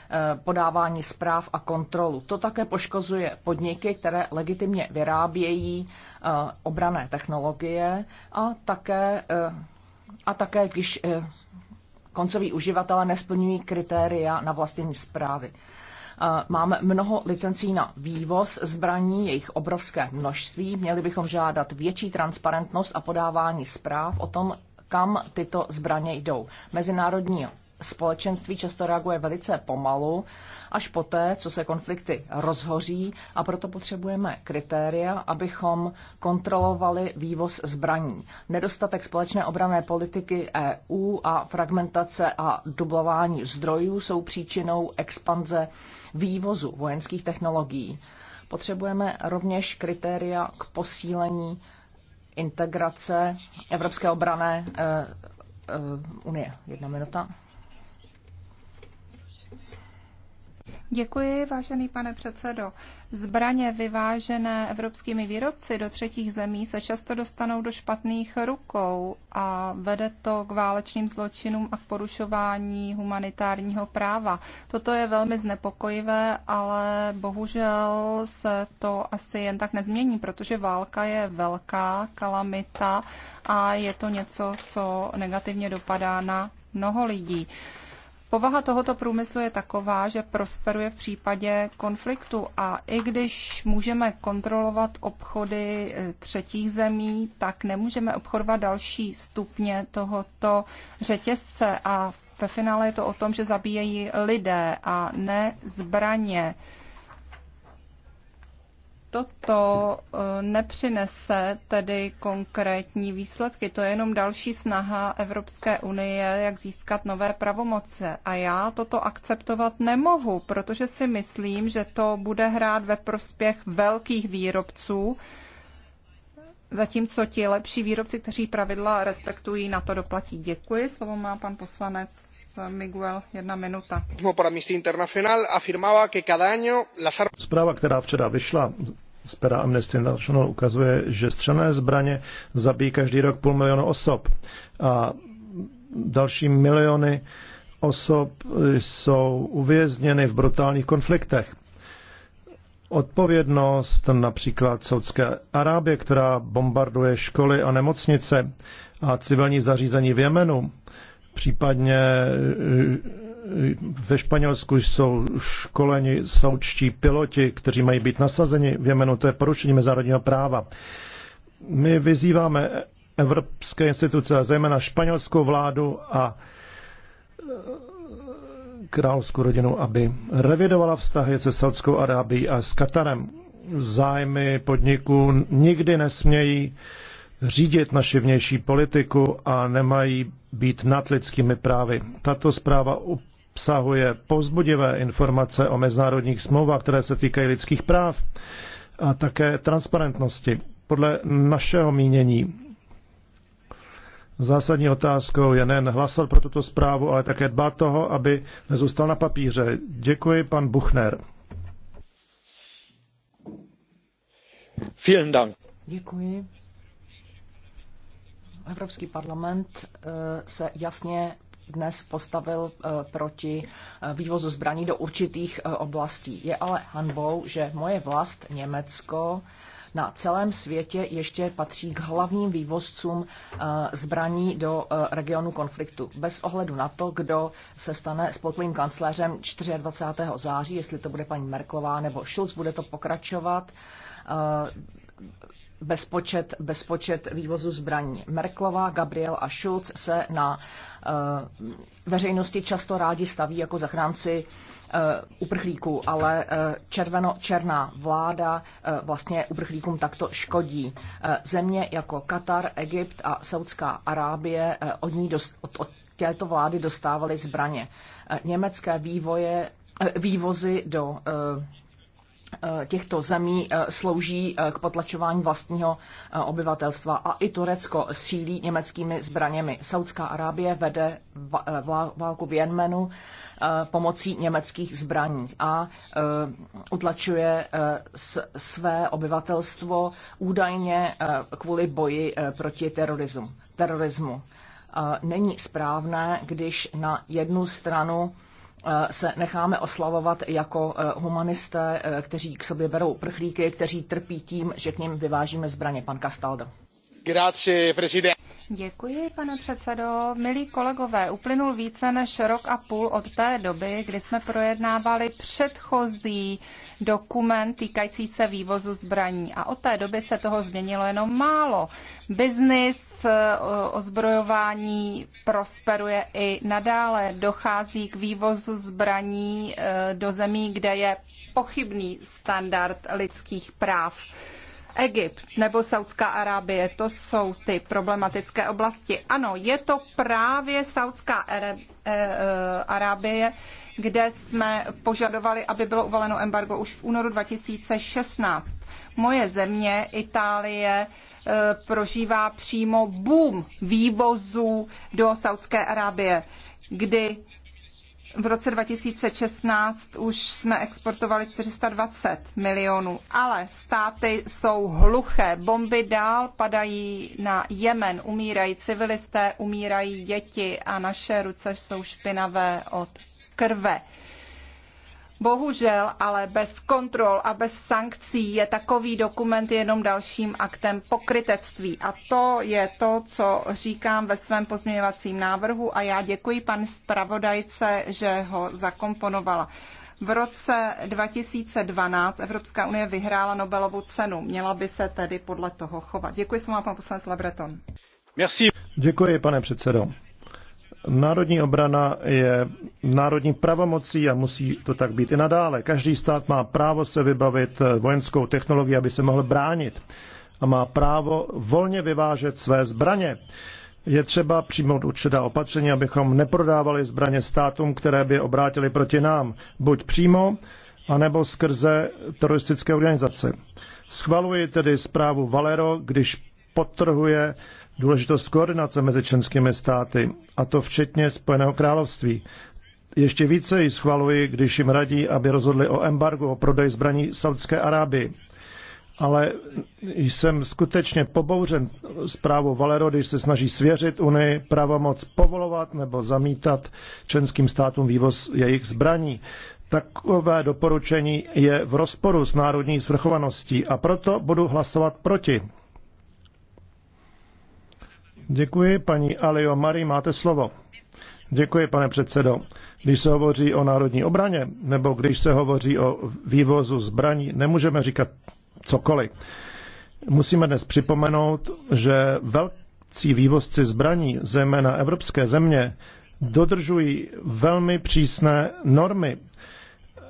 podávání zpráv a kontrolu. To také poškozuje podniky, které legitimně vyrábějí obrané technologie a také, a také když koncoví uživatelé nesplňují kritéria na vlastní zprávy. Eh, máme mnoho licencí na vývoz zbraní, jejich obrovské množství. Měli bychom žádat větší transparentnost a podávání zpráv o tom, kam tyto zbraně jdou. Mezinárodní společenství často reaguje velice pomalu, až poté, co se konflikty rozhoří a proto potřebujeme kritéria, abychom kontrolovali vývoz zbraní. Nedostatek společné obrané politiky EU a fragmentace a dublování zdrojů jsou příčinou expanze vývozu vojenských technologií. Potřebujeme rovněž kritéria k posílení integrace Evropské obrané eh, eh, unie. Jedna minuta. Děkuji, vážený pane předsedo. Zbraně vyvážené evropskými výrobci do třetích zemí se často dostanou do špatných rukou a vede to k válečným zločinům a k porušování humanitárního práva. Toto je velmi znepokojivé, ale bohužel se to asi jen tak nezmění, protože válka je velká kalamita a je to něco, co negativně dopadá na mnoho lidí. Povaha tohoto průmyslu je taková, že prosperuje v případě konfliktu a i když můžeme kontrolovat obchody eh, třetích zemí, tak nemůžeme obchodovat další stupně tohoto řetězce a ve finále je to o tom, že zabíjejí lidé a ne zbraně toto eh, nepřinese tedy konkrétní výsledky. To je jenom další snaha Evropské unie, jak získat nové pravomoce. A já toto akceptovat nemohu, protože si myslím, že to bude hrát ve prospěch velkých výrobců, zatímco ti lepší výrobci, kteří pravidla respektují, na to doplatí. Děkuji. Slovo má pan poslanec Miguel, jedna minuta. Zpráva, která včera vyšla z pera Amnesty International, ukazuje, že střelné zbraně zabíjí každý rok půl milionu osob a další miliony osob jsou uvězněny v brutálních konfliktech odpovědnost například Saudské Arábie, která bombarduje školy a nemocnice a civilní zařízení v Jemenu Případně eh, ve Španělsku jsou školeni saučtí piloti, kteří mají být nasazeni v Jemenu. To je porušení mezinárodního práva. My vyzýváme evropské instituce, a zejména španělskou vládu a eh, královskou rodinu, aby revidovala vztahy se Saudskou Arábií a s Katarem. Zájmy podniků nikdy nesmějí řídit naši vnější politiku a nemají být nad lidskými právy. Tato zpráva obsahuje povzbudivé informace o mezinárodních smlouvách, které se týkají lidských práv a také transparentnosti. Podle našeho mínění zásadní otázkou je nejen hlasovat pro tuto zprávu, ale také dbát toho, aby nezůstal na papíře. Děkuji, pan Buchner. Vielen Dank. Děkuji. Evropský parlament eh, se jasně dnes postavil eh, proti eh, vývozu zbraní do určitých oblastí. Je ale hanbou, že moje vlast Německo na celém světě ještě patří k hlavním vývozcům zbraní do regionu konfliktu. Bez ohledu na to, kdo se stane spolkovým kancléřem 24. září, jestli to bude paní Merklová nebo Schulz, bude to pokračovat Eh, bezpočet, bezpočet vývozu zbraní. Merklova, Gabriel a Schulz se na eh, veřejnosti často rádi staví jako zachránci eh, uprchlíků, ale červeno-černá vláda vlastně uprchlíkům takto škodí. země jako Katar, Egypt a Saudská Arábie od ní dost, od, od této vlády dostávaly zbraně. německé vývoje, vývozy do uh, Eh, těchto zemí eh, slouží eh, k potlačování vlastního obyvatelstva. A i Turecko střílí německými zbraněmi. Saudská Arábie vede válku v Jemenu pomocí německých zbraní a utlačuje své obyvatelstvo údajně kvůli boji proti terorismu. terorismu. Není správné, když na jednu stranu Eh, se necháme oslavovat jako eh, humanisté, eh, kteří k sobě berou prchlíky, kteří trpí tím, že k ním vyvážíme zbraně. Pan Castaldo. Děkuji, pane předsedo. Milí kolegové, uplynul více než rok a půl od té doby, kdy jsme projednávali předchozí dokument týkající se vývozu zbraní. A od té doby se toho změnilo jenom málo. Biznis eh, ozbrojování prosperuje i nadále. Dochází k vývozu zbraní eh, do zemí, kde je pochybný standard lidských práv. Egypt nebo Saudská Arábie, to jsou ty problematické oblasti. Ano, je to právě Saudská e, e, Arábie, kde jsme požadovali, aby bylo uvaleno embargo už v únoru 2016. Moje země, Itálie, e, prožívá přímo boom vývozů do Saudské Arábie, kdy v roce 2016 už jsme exportovali 420 milionů, ale státy jsou hluché. Bomby dál padají na Jemen, umírají civilisté, umírají děti a naše ruce jsou špinavé od krve. Bohužel, ale bez kontrol a bez sankcí je takový dokument jenom dalším aktem pokrytectví. A to je to, co říkám ve svém pozměňovacím návrhu a já děkuji pan zpravodajce, že ho zakomponovala. V roce 2012 Evropská unie vyhrála Nobelovu cenu. Měla by se tedy podle toho chovat. Děkuji pan poslanec Lebreton. Merci. Děkuji, pane předsedo. Národní obrana je národní pravomocí a musí to tak být i nadále. Každý stát má právo se vybavit eh, vojenskou technologií, aby se mohl bránit a má právo volně vyvážet své zbraně. Je třeba přijmout určitá opatření, abychom neprodávali zbraně státům, které by obrátili proti nám, buď přímo, anebo skrze teroristické organizace. Schvaluji tedy zprávu Valero, když podtrhuje důležitost koordinace mezi členskými státy, a to včetně Spojeného království. Ještě více ji schvaluji, když jim radí, aby rozhodli o embargu, o prodej zbraní Saudské Arábii. Ale jsem skutečně pobouřen zprávou Valero, když se snaží svěřit Unii pravomoc povolovat nebo zamítat členským státům vývoz jejich zbraní. Takové doporučení je v rozporu s národní svrchovaností a proto budu hlasovat proti. Děkuji, paní Alio Mari, máte slovo. Děkuji, pane předsedo. Když se hovoří o národní obraně, nebo když se hovoří o vývozu zbraní, nemůžeme říkat cokoliv. Musíme dnes připomenout, že velcí vývozci zbraní, zejména evropské země, dodržují velmi přísné normy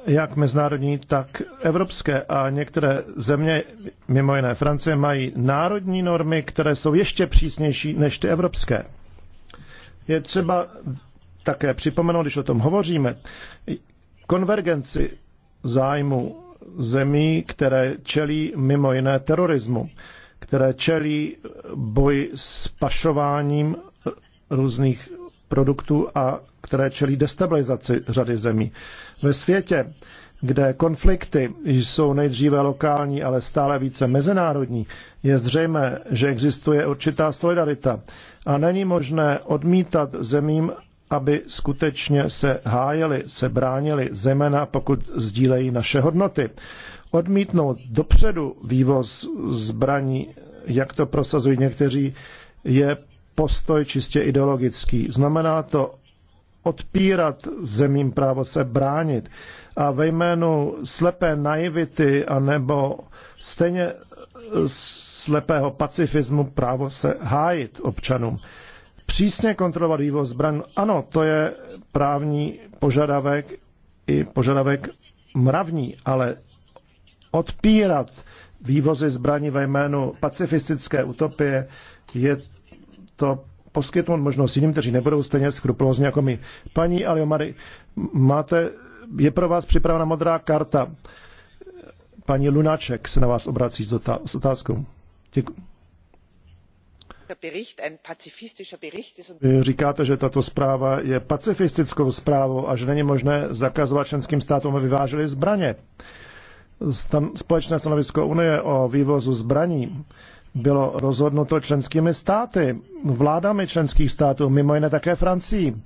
jak mezinárodní, tak evropské. A některé země, mimo jiné Francie, mají národní normy, které jsou ještě přísnější než ty evropské. Je třeba také připomenout, když o tom hovoříme, konvergenci zájmu zemí, které čelí mimo jiné terorismu, které čelí boji s pašováním různých produktů a které čelí destabilizaci řady zemí. Ve světě, kde konflikty jsou nejdříve lokální, ale stále více mezinárodní, je zřejmé, že existuje určitá solidarita a není možné odmítat zemím, aby skutečně se hájili, se bránili, zejména pokud sdílejí naše hodnoty. Odmítnout dopředu vývoz zbraní, jak to prosazují někteří, je postoj čistě ideologický. Znamená to odpírat zemím právo se bránit. A ve jménu slepé naivity nebo stejně e, slepého pacifismu právo se hájit občanům. Přísně kontrolovat vývoz zbraní, ano, to je právní požadavek i požadavek mravní, ale odpírat vývozy zbraní ve jménu pacifistické utopie je to poskytnout možnost jiným, kteří nebudou stejně skrupulózní jako my. Paní Aliomary, máte, je pro vás připravena modrá karta. Paní Lunáček se na vás obrací s, otá- s otázkou. Děkuji. říkáte, že tato zpráva je pacifistickou zprávou a že není možné zakazovat členským státům, aby vyváželi zbraně. Stan- společné stanovisko Unie o vývozu zbraní bylo rozhodnuto členskými státy, vládami členských států, mimo jiné také Francií.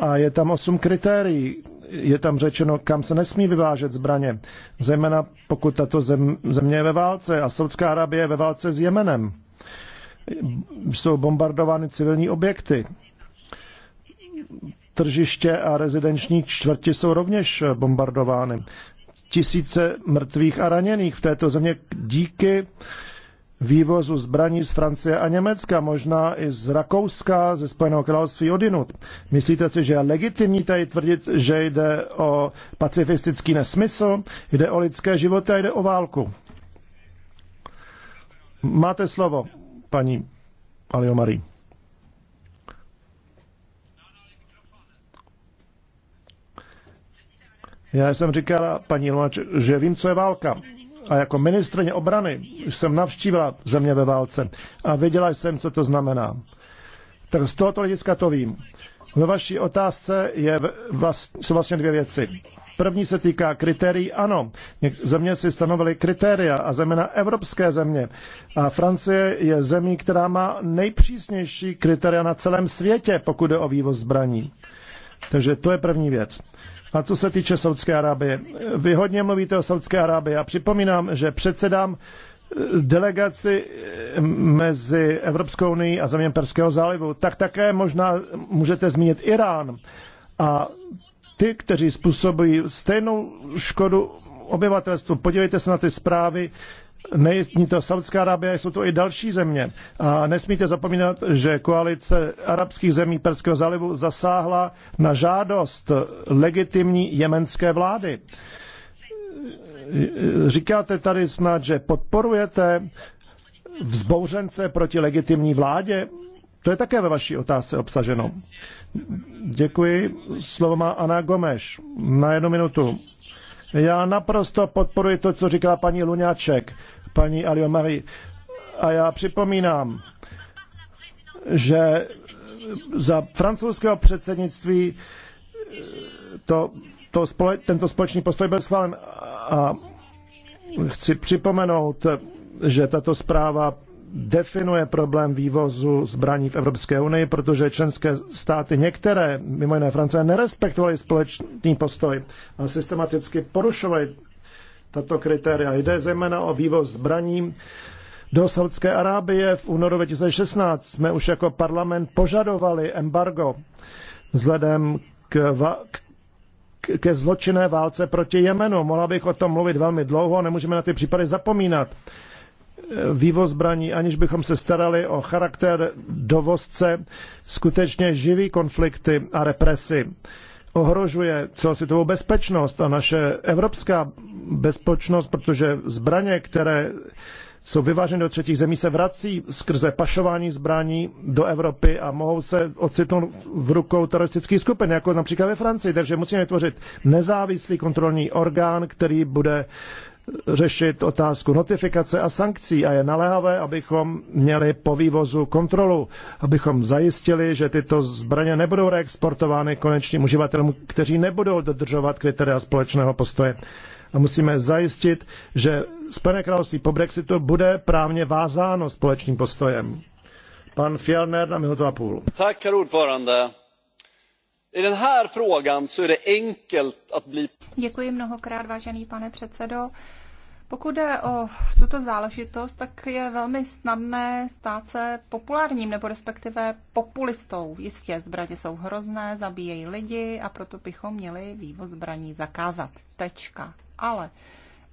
A je tam osm kritérií. Je tam řečeno, kam se nesmí vyvážet zbraně, zejména pokud tato zem, země je ve válce a Saudská Arábie je ve válce s Jemenem. Jsou bombardovány civilní objekty. Tržiště a rezidenční čtvrti jsou rovněž bombardovány. Tisíce mrtvých a raněných v této země díky uh, vývozu zbraní z Francie a Německa, možná i z Rakouska, ze Spojeného království odinut. Myslíte si, že je legitimní tady tvrdit, že jde o pacifistický nesmysl, jde o lidské životy a jde o válku? Máte slovo, paní Aliomari. Já jsem říkala, paní Lomač, že vím, co je válka a jako ministrně obrany jsem navštívila země ve válce a věděla jsem, co to znamená. Tak z tohoto hlediska to vím. Ve vaší otázce je vlast, jsou vlastně dvě věci. První se týká kritérií. Ano, země si stanovily kritéria a zejména evropské země. A Francie je zemí, která má nejpřísnější kritéria na celém světě, pokud jde o vývoz zbraní. Takže to je první věc. A co se týče Saudské Arábie, vy hodně mluvíte o Saudské Arábie a připomínám, že předsedám eh, delegaci eh, mezi Evropskou unii a zeměm Perského zálivu, tak také možná můžete zmínit Irán. A ty, kteří způsobují stejnou škodu obyvatelstvu, podívejte se na ty zprávy, Nejistní to Saudská Arábie, jsou to i další země. A nesmíte zapomínat, že koalice arabských zemí Perského zálivu zasáhla na žádost legitimní jemenské vlády. Říkáte tady snad, že podporujete vzbouřence proti legitimní vládě? To je také ve vaší otázce obsaženo. Děkuji. Slovo má Ana Gomeš. Na jednu minutu. Já naprosto podporuji to, co říkala paní Luňáček, paní Aliomari. A já připomínám, že za francouzského předsednictví eh, to, to spole, tento společný postoj byl schválen. A chci připomenout, že tato zpráva definuje problém vývozu zbraní v Evropské unii, protože členské státy některé, mimo jiné Francie, nerespektovaly společný postoj a systematicky porušovaly tato kritéria. Jde zejména o vývoz zbraní do Saudské Arábie v únoru 2016. Jsme už jako parlament požadovali embargo vzhledem k, k ke zločinné válce proti Jemenu. Mohla bych o tom mluvit velmi dlouho, nemůžeme na ty případy zapomínat vývoz zbraní, aniž bychom se starali o charakter dovozce, skutečně živí konflikty a represi. Ohrožuje celosvětovou bezpečnost a naše evropská bezpečnost, protože zbraně, které jsou vyváženy do třetích zemí, se vrací skrze pašování zbraní do Evropy a mohou se ocitnout v rukou teroristických skupin, jako například ve Francii. Takže musíme vytvořit nezávislý kontrolní orgán, který bude řešit otázku notifikace a sankcí a je naléhavé, abychom měli po vývozu kontrolu, abychom zajistili, že tyto zbraně nebudou reexportovány konečným uživatelům, kteří nebudou dodržovat kritéria společného postoje. A musíme zajistit, že Spojené království po Brexitu bude právně vázáno společným postojem. Pan Fjellner na minutu a půl. Tak, I den här frågan så är det enkelt att bli... Děkuji mnohokrát, vážený pane předsedo. Pokud jde o tuto záležitost, tak je velmi snadné stát se populárním nebo respektive populistou. Jistě, zbraně jsou hrozné, zabíjejí lidi a proto bychom měli vývoz zbraní zakázat. Tečka. Ale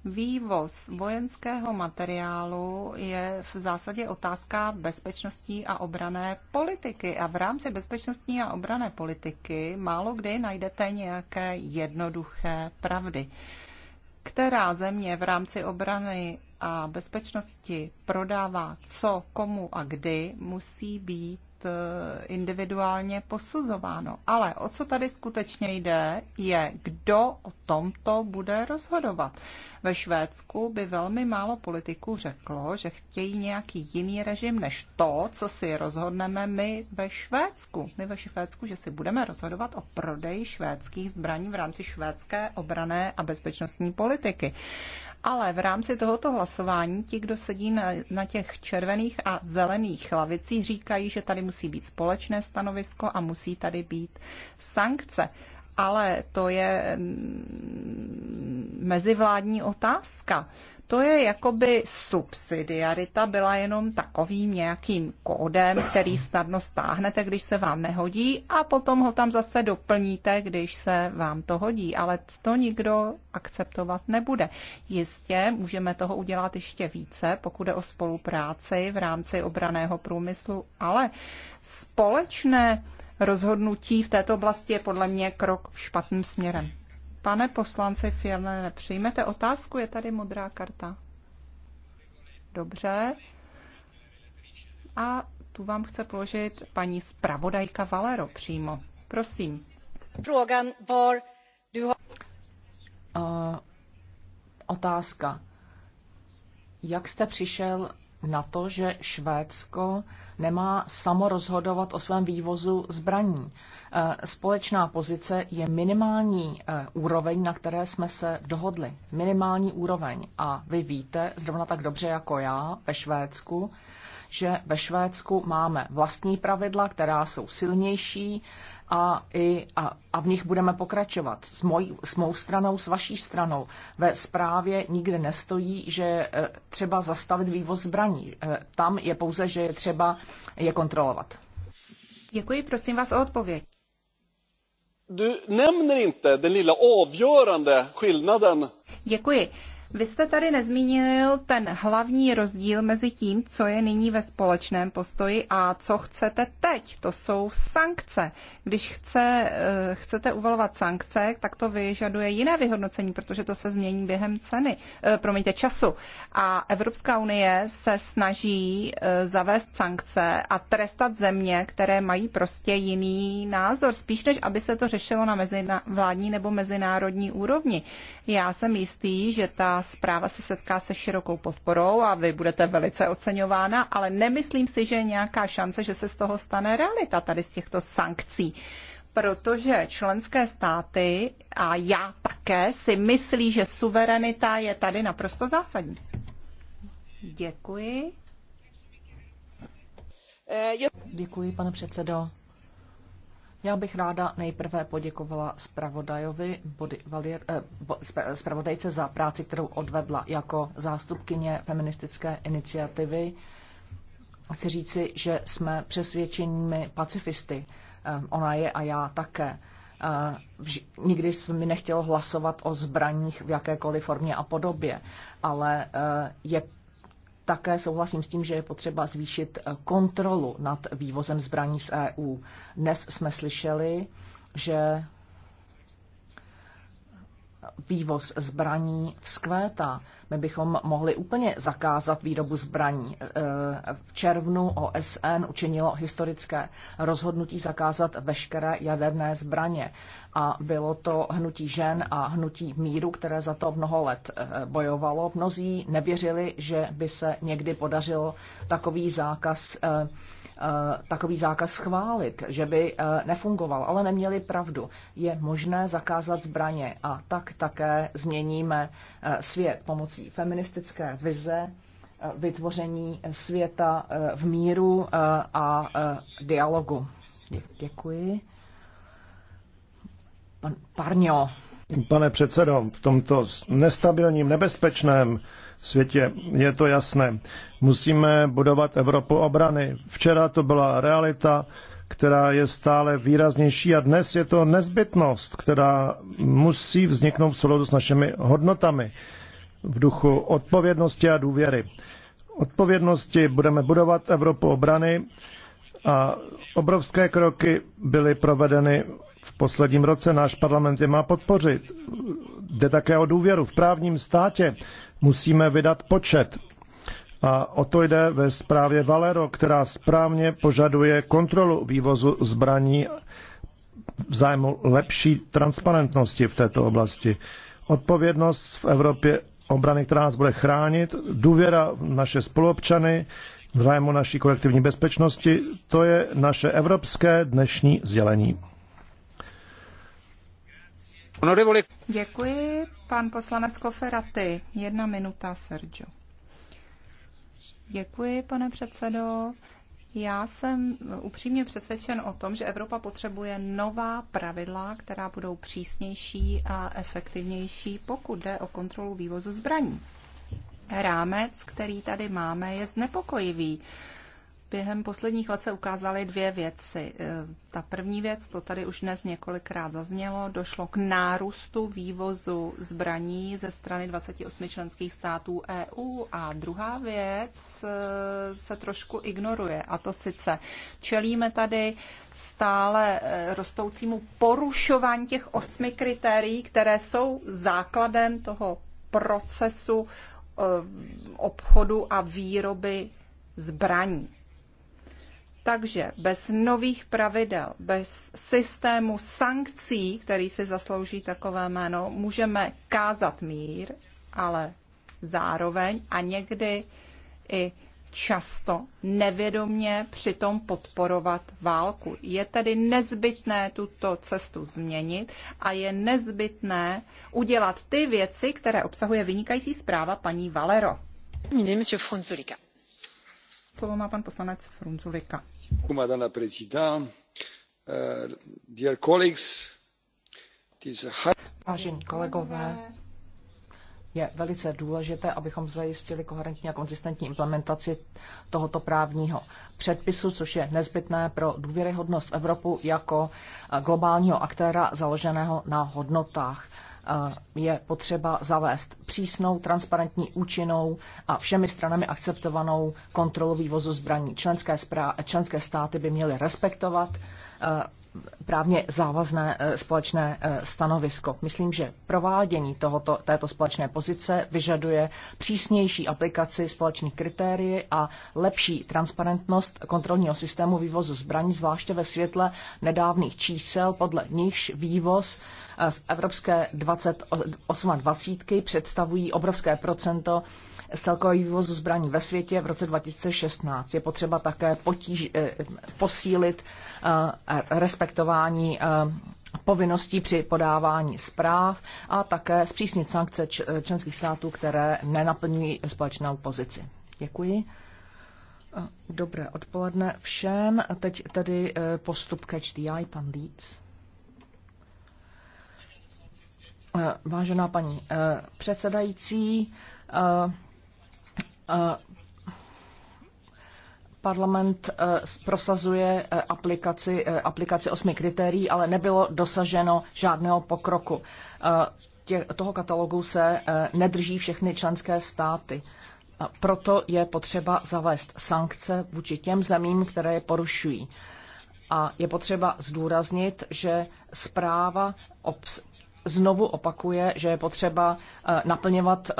vývoz vojenského materiálu je v zásadě otázka bezpečnostní a obrané politiky. A v rámci bezpečnostní a obrané politiky málo kdy najdete nějaké jednoduché pravdy která země v rámci obrany a bezpečnosti prodává co, komu a kdy, musí být E, individuálně posuzováno. Ale o co tady skutečně jde, je, kdo o tomto bude rozhodovat. Ve Švédsku by velmi málo politiků řeklo, že chtějí nějaký jiný režim než to, co si rozhodneme my ve Švédsku. My ve Švédsku, že si budeme rozhodovat o prodeji švédských zbraní v rámci švédské obrané a bezpečnostní politiky. Ale v rámci tohoto hlasování ti, kdo sedí na, na těch červených a zelených lavicích, říkají, že tady musí být společné stanovisko a musí tady být sankce. Ale to je mm, mezivládní otázka. To je jakoby subsidiarita byla jenom takovým nějakým kódem, který snadno stáhnete, když se vám nehodí a potom ho tam zase doplníte, když se vám to hodí. Ale to nikdo akceptovat nebude. Jistě můžeme toho udělat ještě více, pokud je o spolupráci v rámci obraného průmyslu, ale společné rozhodnutí v této oblasti je podle mě krok špatným směrem. Pane poslanci Fielne, přijmete otázku? Je tady modrá karta. Dobře. A tu vám chce položit paní zpravodajka Valero přímo. Prosím. uh, otázka. Jak jste přišel na to, že Švédsko nemá samo rozhodovat o svém vývozu zbraní. E, společná pozice je minimální e, úroveň, na které jsme se dohodli. Minimální úroveň. A vy víte, zrovna tak dobře jako já, ve Švédsku, že ve Švédsku máme vlastní pravidla, která jsou silnější, a, i, a, a v nich budeme pokračovat. S, moj, s mou stranou, s vaší stranou. Ve zprávě nikde nestojí, že e, třeba zastavit vývoz zbraní. E, tam je pouze, že je třeba je kontrolovat. Děkuji, prosím vás o odpověď. Du nämner inte den lilla avgörande skillnaden. Děkuji. Vy jste tady nezmínil ten hlavní rozdíl mezi tím, co je nyní ve společném postoji a co chcete teď. To jsou sankce. Když chce, eh, chcete uvalovat sankce, tak to vyžaduje jiné vyhodnocení, protože to se změní během ceny, eh, promiňte, času. A Evropská unie se snaží eh, zavést sankce a trestat země, které mají prostě jiný názor, spíš než aby se to řešilo na vládní nebo mezinárodní úrovni. Já jsem jistý, že ta zpráva se setká se širokou podporou a vy budete velice oceňována, ale nemyslím si, že je nějaká šance, že se z toho stane realita tady z těchto sankcí protože členské státy a já také si myslí, že suverenita je tady naprosto zásadní. Děkuji. Eh, Děkuji, pane předsedo. Já bych ráda nejprve poděkovala zpravodajovi, body, valier, eh, bo, zpravodajce za práci, kterou odvedla jako zástupkyně feministické iniciativy. Chci říci, že jsme přesvědčenými pacifisty. Eh, ona je a já také. Eh, vž- nikdy se mi nechtělo hlasovat o zbraních v jakékoliv formě a podobě, ale eh, je také souhlasím s tím, že je potřeba zvýšit eh, kontrolu nad vývozem zbraní z EU. Dnes jsme slyšeli, že vývoz zbraní vzkvétá. My bychom mohli úplně zakázat výrobu zbraní. E, e, v červnu OSN učinilo historické rozhodnutí zakázat veškeré jaderné zbraně. A bylo to hnutí žen a hnutí míru, které za to mnoho let e, bojovalo. Mnozí nevěřili, že by se někdy podařilo takový zákaz Eh, takový zákaz schválit, že by eh, nefungoval, ale neměli pravdu. Je možné zakázat zbraně a tak také změníme eh, svět pomocí feministické vize, vytvoření světa v míru a dialogu. Děkuji. Pan Parňo. Pane předsedo, v tomto nestabilním, nebezpečném světě. Je to jasné. Musíme budovat Evropu obrany. Včera to byla realita, která je stále výraznější a dnes je to nezbytnost, která musí vzniknout v souladu s našimi hodnotami v duchu odpovědnosti a důvěry. Odpovědnosti budeme budovat Evropu obrany a obrovské kroky byly provedeny v posledním roce náš parlament je má podpořit. Jde také o důvěru v právním státě musíme vydat počet. A o to jde ve zprávě Valero, která správně požaduje kontrolu vývozu zbraní v zájmu lepší transparentnosti v této oblasti. Odpovědnost v Evropě obrany, která nás bude chránit, důvěra v naše spoluobčany, v zájmu naší kolektivní bezpečnosti, to je naše evropské dnešní sdělení. Děkuji, pan poslanec Koferaty. Jedna minuta, Sergio. Děkuji, pane předsedo. Já jsem upřímně přesvědčen o tom, že Evropa potřebuje nová pravidla, která budou přísnější a efektivnější, pokud jde o kontrolu vývozu zbraní. Rámec, který tady máme, je znepokojivý během posledních let se ukázaly dvě věci. E, ta první věc, to tady už dnes několikrát zaznělo, došlo k nárůstu vývozu zbraní ze strany 28 členských států EU. A druhá věc e, se trošku ignoruje. A to sice čelíme tady stále e, rostoucímu porušování těch osmi kritérií, které jsou základem toho procesu obchodu a výroby zbraní. Takže bez nových pravidel, bez systému sankcí, který si zaslouží takové jméno, můžeme kázat mír, ale zároveň a někdy i často nevědomně přitom podporovat válku. Je tedy nezbytné tuto cestu změnit a je nezbytné udělat ty věci, které obsahuje vynikající zpráva paní Valero. Monsieur Frunzulika. Slovo má pan poslanec Frunzulika. Madame prezident, uh, dear colleagues, Vážení kolegové, je velice důležité, abychom zajistili koherentní a konzistentní implementaci tohoto právního předpisu, což je nezbytné pro důvěryhodnost v Evropu jako globálního aktéra založeného na hodnotách. Eh, je potřeba zavést přísnou, transparentní, účinnou a všemi stranami akceptovanou kontrolu vývozu zbraní. Členské, členské státy by měly respektovat Eh, právně závazné eh, společné eh, stanovisko. Myslím, že provádění tohoto, této společné pozice vyžaduje přísnější aplikaci společných kritérií a lepší transparentnost kontrolního systému vývozu zbraní, zvláště ve světle nedávných čísel, podle nichž vývoz z Evropské 20, 28 představují obrovské procento z celkového vývozu zbraní ve světě v roce 2016. Je potřeba také potíž, posílit respektování eh, povinností při podávání zpráv a také zpřísnit sankce eh, členských států, které nenaplňují společnou pozici. Děkuji. Eh, dobré odpoledne všem. Teď tedy postup Catch the Eye, pan Leeds. Vážená paní předsedající, Parlament eh, prosazuje eh, aplikaci, eh, aplikaci osmi kritérií, ale nebylo dosaženo žádného pokroku. Tě, toho katalogu se nedrží všechny členské státy. proto je potřeba zavést sankce vůči těm zemím, které je porušují. A je potřeba zdůraznit, že zpráva obs- znovu opakuje, že je potřeba naplňovat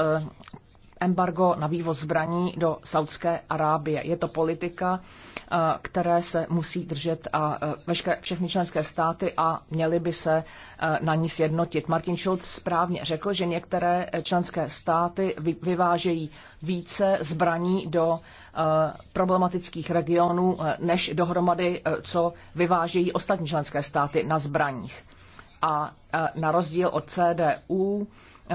embargo na vývoz zbraní do Saudské Arábie. Je to politika, eh, které se musí držet a eh, veškeré, všechny členské státy a měly by se eh, na ní sjednotit. Martin Schulz správně řekl, že některé členské státy vyvážejí více zbraní do problematických regionů, než dohromady, co vyvážejí ostatní členské státy na zbraních. A na rozdíl od CDU,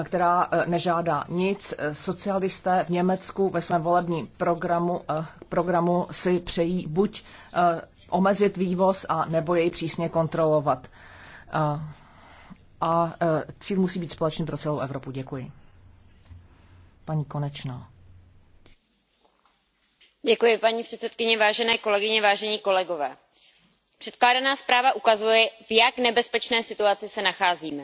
která eh, nežádá nic. Socialisté v Německu ve svém volebním programu, eh, programu si přejí buď eh, omezit vývoz a nebo jej přísně kontrolovat. A cíl musí být společný pro celou Evropu. Děkuji. Paní Konečná. Děkuji, paní předsedkyně, vážené kolegyně, vážení kolegové. Předkládaná zpráva ukazuje, v jak nebezpečné situaci se nacházíme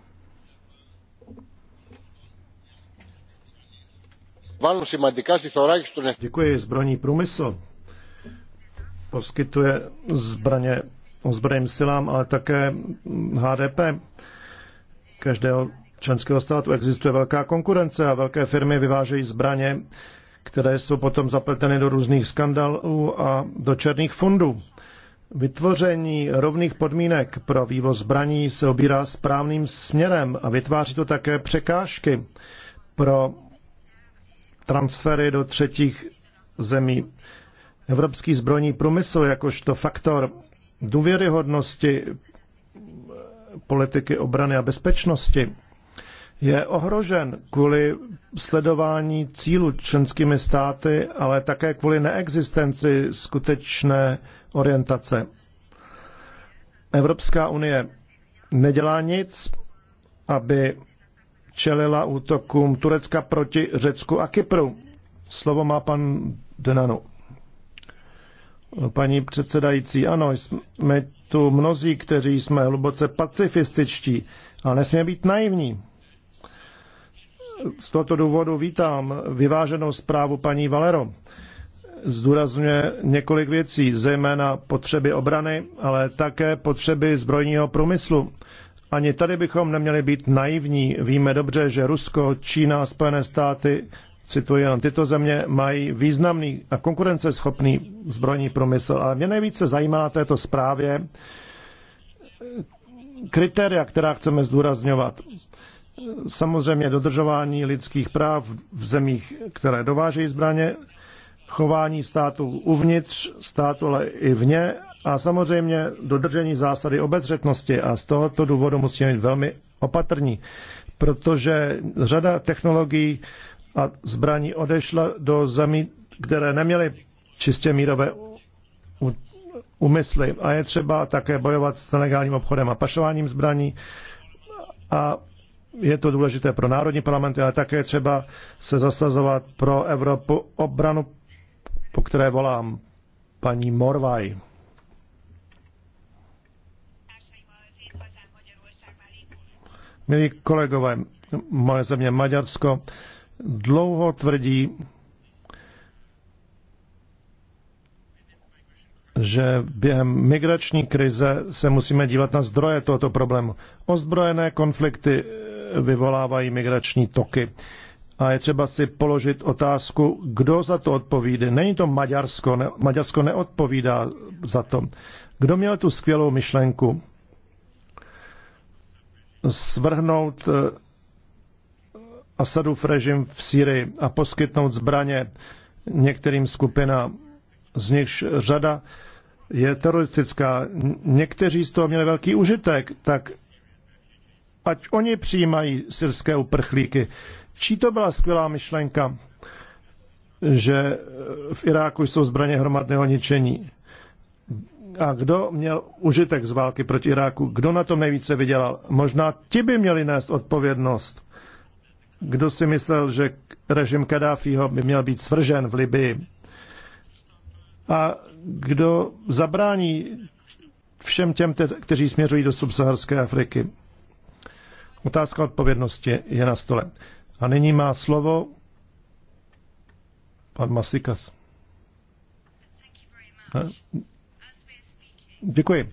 Děkuji, zbrojní průmysl poskytuje zbraně ozbrojeným silám, ale také HDP každého členského státu. Existuje velká konkurence a velké firmy vyvážejí zbraně, které jsou potom zapleteny do různých skandalů a do černých fondů. Vytvoření rovných podmínek pro vývoz zbraní se obírá správným směrem a vytváří to také překážky pro transfery do třetích zemí. Evropský zbrojní průmysl jakožto faktor důvěryhodnosti politiky obrany a bezpečnosti je ohrožen kvůli sledování cílu členskými státy, ale také kvůli neexistenci skutečné orientace. Evropská unie nedělá nic, aby čelila útokům Turecka proti Řecku a Kypru. Slovo má pan Denanu. Paní předsedající, ano, jsme tu mnozí, kteří jsme hluboce pacifističtí, ale nesmíme být naivní. Z tohoto důvodu vítám vyváženou zprávu paní Valero. Zdůrazňuje několik věcí, zejména potřeby obrany, ale také potřeby zbrojního průmyslu ani tady bychom neměli být naivní. Víme dobře, že Rusko, Čína a Spojené státy, cituji jenom tyto země, mají významný a konkurenceschopný zbrojní průmysl. Ale mě nejvíce zajímá na této zprávě kritéria, která chceme zdůrazňovat. Samozřejmě dodržování lidských práv v zemích, které dovážejí zbraně, chování států uvnitř státu, ale i vně a samozřejmě dodržení zásady obezřetnosti a z tohoto důvodu musíme být velmi opatrní, protože řada technologií a zbraní odešla do zemí, které neměly čistě mírové úmysly. A je třeba také bojovat s nelegálním obchodem a pašováním zbraní. A je to důležité pro národní parlamenty, ale také třeba se zasazovat pro Evropu obranu, po které volám paní Morvaj. Milí kolegové, moje země Maďarsko dlouho tvrdí, že během migrační krize se musíme dívat na zdroje tohoto problému. Ozbrojené konflikty vyvolávají migrační toky. A je třeba si položit otázku, kdo za to odpovídá. Není to Maďarsko, ne, Maďarsko neodpovídá za to. Kdo měl tu skvělou myšlenku? svrhnout eh, Asadův režim v Sýrii a poskytnout zbraně některým skupinám, z nichž řada je teroristická. Někteří z toho měli velký užitek, tak ať oni přijímají syrské uprchlíky. Čí to byla skvělá myšlenka, že v Iráku jsou zbraně hromadného ničení? a kdo měl užitek z války proti Iráku? Kdo na tom nejvíce vydělal? Možná ti by měli nést odpovědnost. Kdo si myslel, že režim Kadáfího by měl být svržen v Libii? A kdo zabrání všem těm, kteří směřují do subsaharské Afriky? Otázka odpovědnosti je na stole. A nyní má slovo pan Masikas. Děkuji.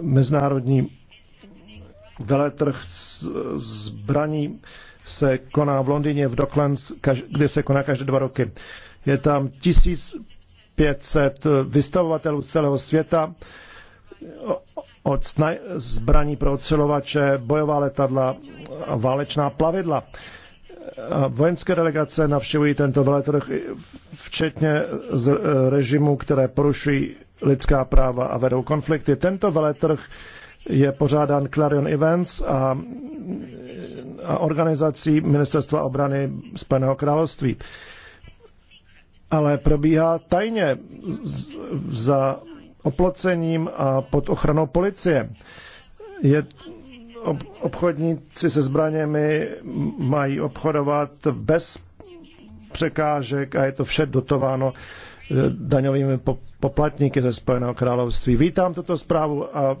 Mezinárodní veletrh zbraní se koná v Londýně, v Docklands, kde se koná každé dva roky. Je tam 1500 vystavovatelů z celého světa od zbraní pro ocelovače, bojová letadla a válečná plavidla vojenské delegace navštěvují tento veletrh, včetně z e, režimu, které porušují lidská práva a vedou konflikty. Tento veletrh je pořádán Clarion Events a, a organizací Ministerstva obrany Spojeného království. Ale probíhá tajně za oplocením a pod ochranou policie. Je ob- obchodníci se zbraněmi mají obchodovat bez překážek a je to vše dotováno eh, daňovými poplatníky ze Spojeného království. Vítám tuto zprávu a,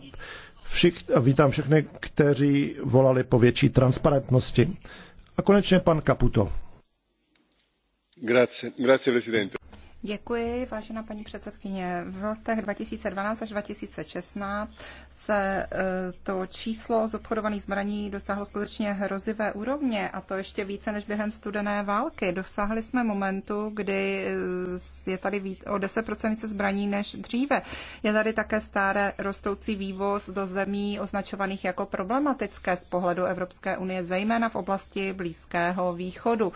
všich, a vítám všechny, kteří volali po větší transparentnosti. A konečně pan Caputo. Grazie, grazie presidente. Děkuji, vážená paní předsedkyně. V letech 2012 až 2016 se eh, to číslo z obchodovaných zbraní dosáhlo skutečně hrozivé úrovně a to ještě více než během studené války. Dosáhli jsme momentu, kdy eh, je tady o 10% více zbraní než dříve. Je tady také stále rostoucí vývoz do zemí označovaných jako problematické z pohledu Evropské unie, zejména v oblasti Blízkého východu.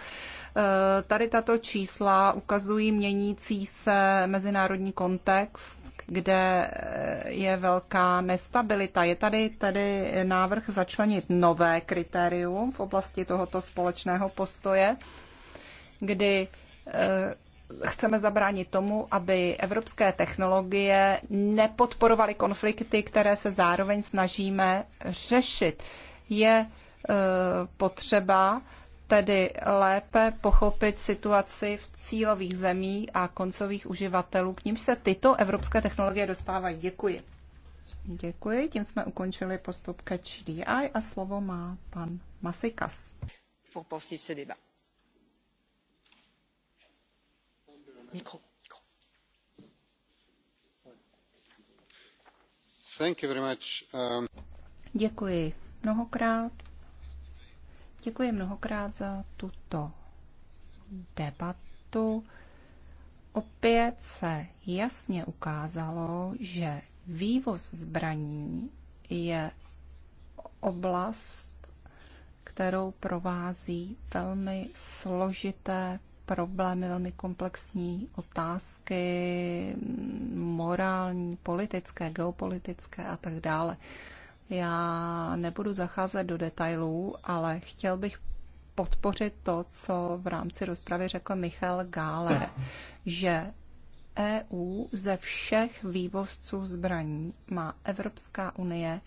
Eh, tady tato čísla ukazují měnící se mezinárodní kontext, kde eh, je velká nestabilita. Je tady tedy návrh začlenit nové kritérium v oblasti tohoto společného postoje, kdy eh, chceme zabránit tomu, aby evropské technologie nepodporovaly konflikty, které se zároveň snažíme řešit. Je potřeba tedy lépe pochopit situaci v cílových zemích a koncových uživatelů, k nímž se tyto evropské technologie dostávají. Děkuji. Děkuji, tím jsme ukončili postup ke HDI a slovo má pan Masikas. Um, Děkuji mnohokrát. Děkuji mnohokrát za tuto debatu. Opět se jasně ukázalo, že vývoz zbraní je oblast, kterou provází velmi složité problémy, velmi komplexní otázky morální, politické, geopolitické a tak dále. Já nebudu zacházet do detailů, ale chtěl bych podpořit to, co v rámci rozpravy řekl Michal Gáler, že EU ze všech vývozců zbraní má Evropská unie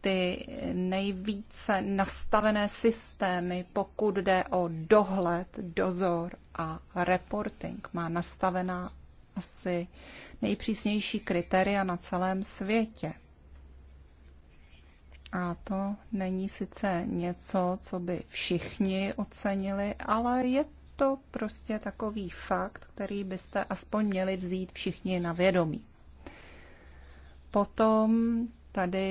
ty nejvíce nastavené systémy, pokud jde o dohled, dozor a reporting. Má nastavená asi nejpřísnější kritéria na celém světě. A to není sice něco, co by všichni ocenili, ale je to prostě takový fakt, který byste aspoň měli vzít všichni na vědomí. Potom tady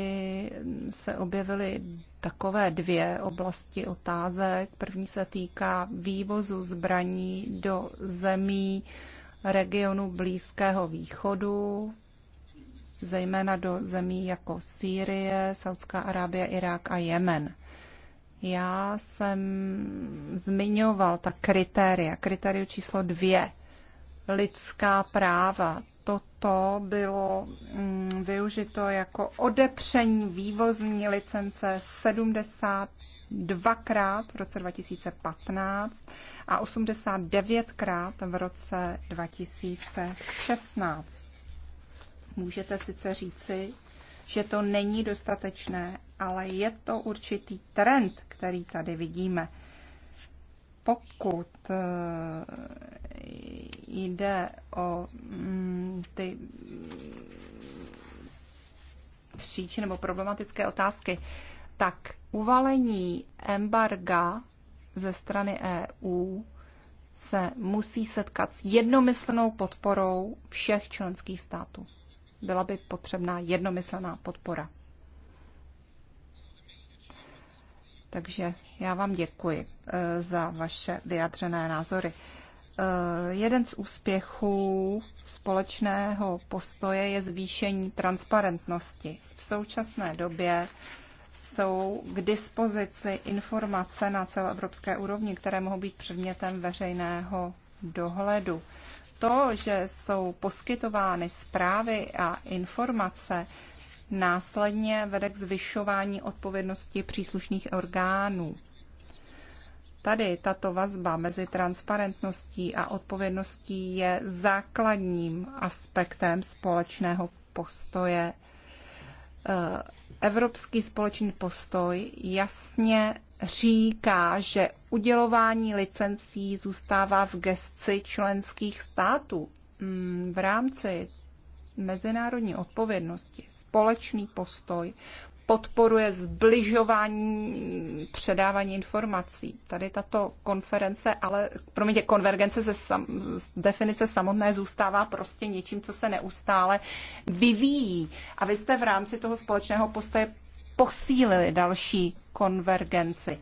se objevily takové dvě oblasti otázek. První se týká vývozu zbraní do zemí regionu Blízkého východu zejména do zemí jako Sýrie, Saudská Arábie, Irák a Jemen. Já jsem zmiňoval ta kritéria. Kritériu číslo dvě. Lidská práva. Toto bylo mm, využito jako odepření vývozní licence 70 dvakrát v roce 2015 a 89krát v roce 2016. Můžete sice říci, že to není dostatečné, ale je to určitý trend, který tady vidíme. Pokud eh, jde o mm, ty příčiny nebo problematické otázky, tak uvalení embarga ze strany EU se musí setkat s jednomyslnou podporou všech členských států byla by potřebná jednomyslná podpora. Takže já vám děkuji eh, za vaše vyjadřené názory. Eh, jeden z úspěchů společného postoje je zvýšení transparentnosti. V současné době jsou k dispozici informace na celoevropské úrovni, které mohou být předmětem veřejného dohledu to, že jsou poskytovány zprávy a informace, následně vede k zvyšování odpovědnosti příslušných orgánů. Tady tato vazba mezi transparentností a odpovědností je základním aspektem společného postoje. Eh, Evropský společný postoj jasně říká, že udělování licencí zůstává v gesci členských států. Mm, v rámci mezinárodní odpovědnosti společný postoj podporuje zbližování předávání informací. Tady tato konference, ale promiňte, konvergence ze sam, z definice samotné zůstává prostě něčím, co se neustále vyvíjí. A vy jste v rámci toho společného postoje posílili další konvergenci.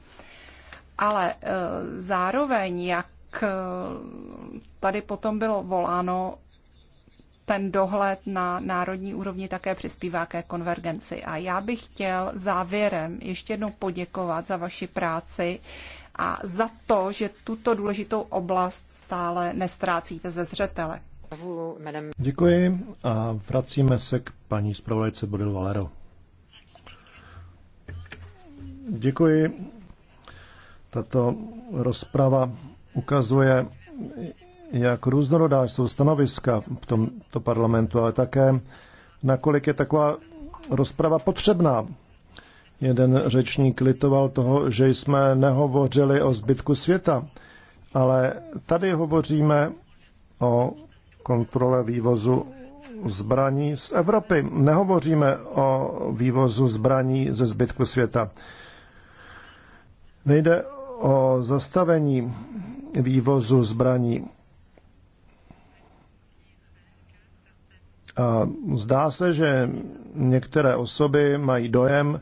Ale eh, zároveň, jak eh, tady potom bylo voláno, ten dohled na národní úrovni také přispívá ke konvergenci. A já bych chtěl závěrem ještě jednou poděkovat za vaši práci a za to, že tuto důležitou oblast stále nestrácíte ze zřetele. Děkuji a vracíme se k paní zpravodajce Bodil Valero. Děkuji. Tato rozprava ukazuje, jak různorodá jsou stanoviska v tomto parlamentu, ale také nakolik je taková rozprava potřebná. Jeden řečník litoval toho, že jsme nehovořili o zbytku světa, ale tady hovoříme o kontrole vývozu zbraní z Evropy. Nehovoříme o vývozu zbraní ze zbytku světa. Nejde o zastavení vývozu zbraní. A zdá se, že některé osoby mají dojem,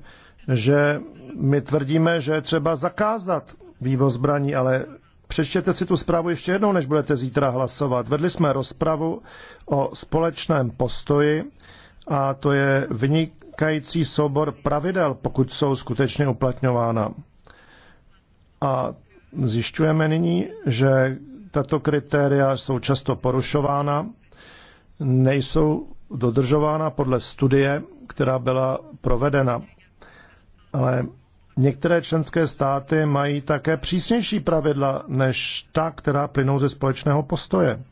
že my tvrdíme, že je třeba zakázat vývoz zbraní, ale přečtěte si tu zprávu ještě jednou, než budete zítra hlasovat. Vedli jsme rozpravu o společném postoji a to je vynikající soubor pravidel, pokud jsou skutečně uplatňována. A zjišťujeme nyní, že tato kritéria jsou často porušována, nejsou dodržována podle studie, která byla provedena. Ale některé členské státy mají také přísnější pravidla než ta, která plynou ze společného postoje.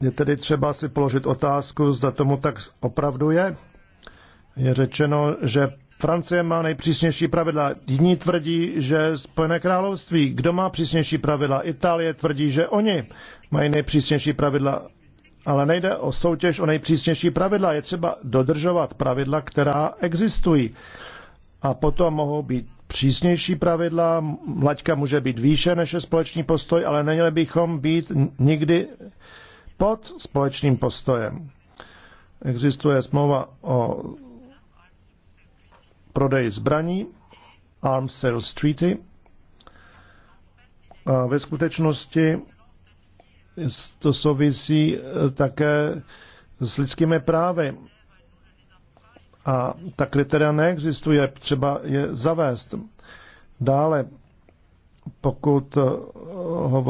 Je tedy třeba si položit otázku, zda tomu tak opravdu je. Je řečeno, že Francie má nejpřísnější pravidla. Jiní tvrdí, že Spojené království. Kdo má přísnější pravidla? Itálie tvrdí, že oni mají nejpřísnější pravidla. Ale nejde o soutěž o nejpřísnější pravidla. Je třeba dodržovat pravidla, která existují. A potom mohou být přísnější pravidla, laťka může být výše než je společný postoj, ale neměli bychom být nikdy pod společným postojem. Existuje smlouva o prodej zbraní, Arms Sales Treaty. A ve skutečnosti to souvisí eh, také s lidskými právy. A ta kritéria neexistuje, třeba je zavést. Dále, pokud eh, hovoří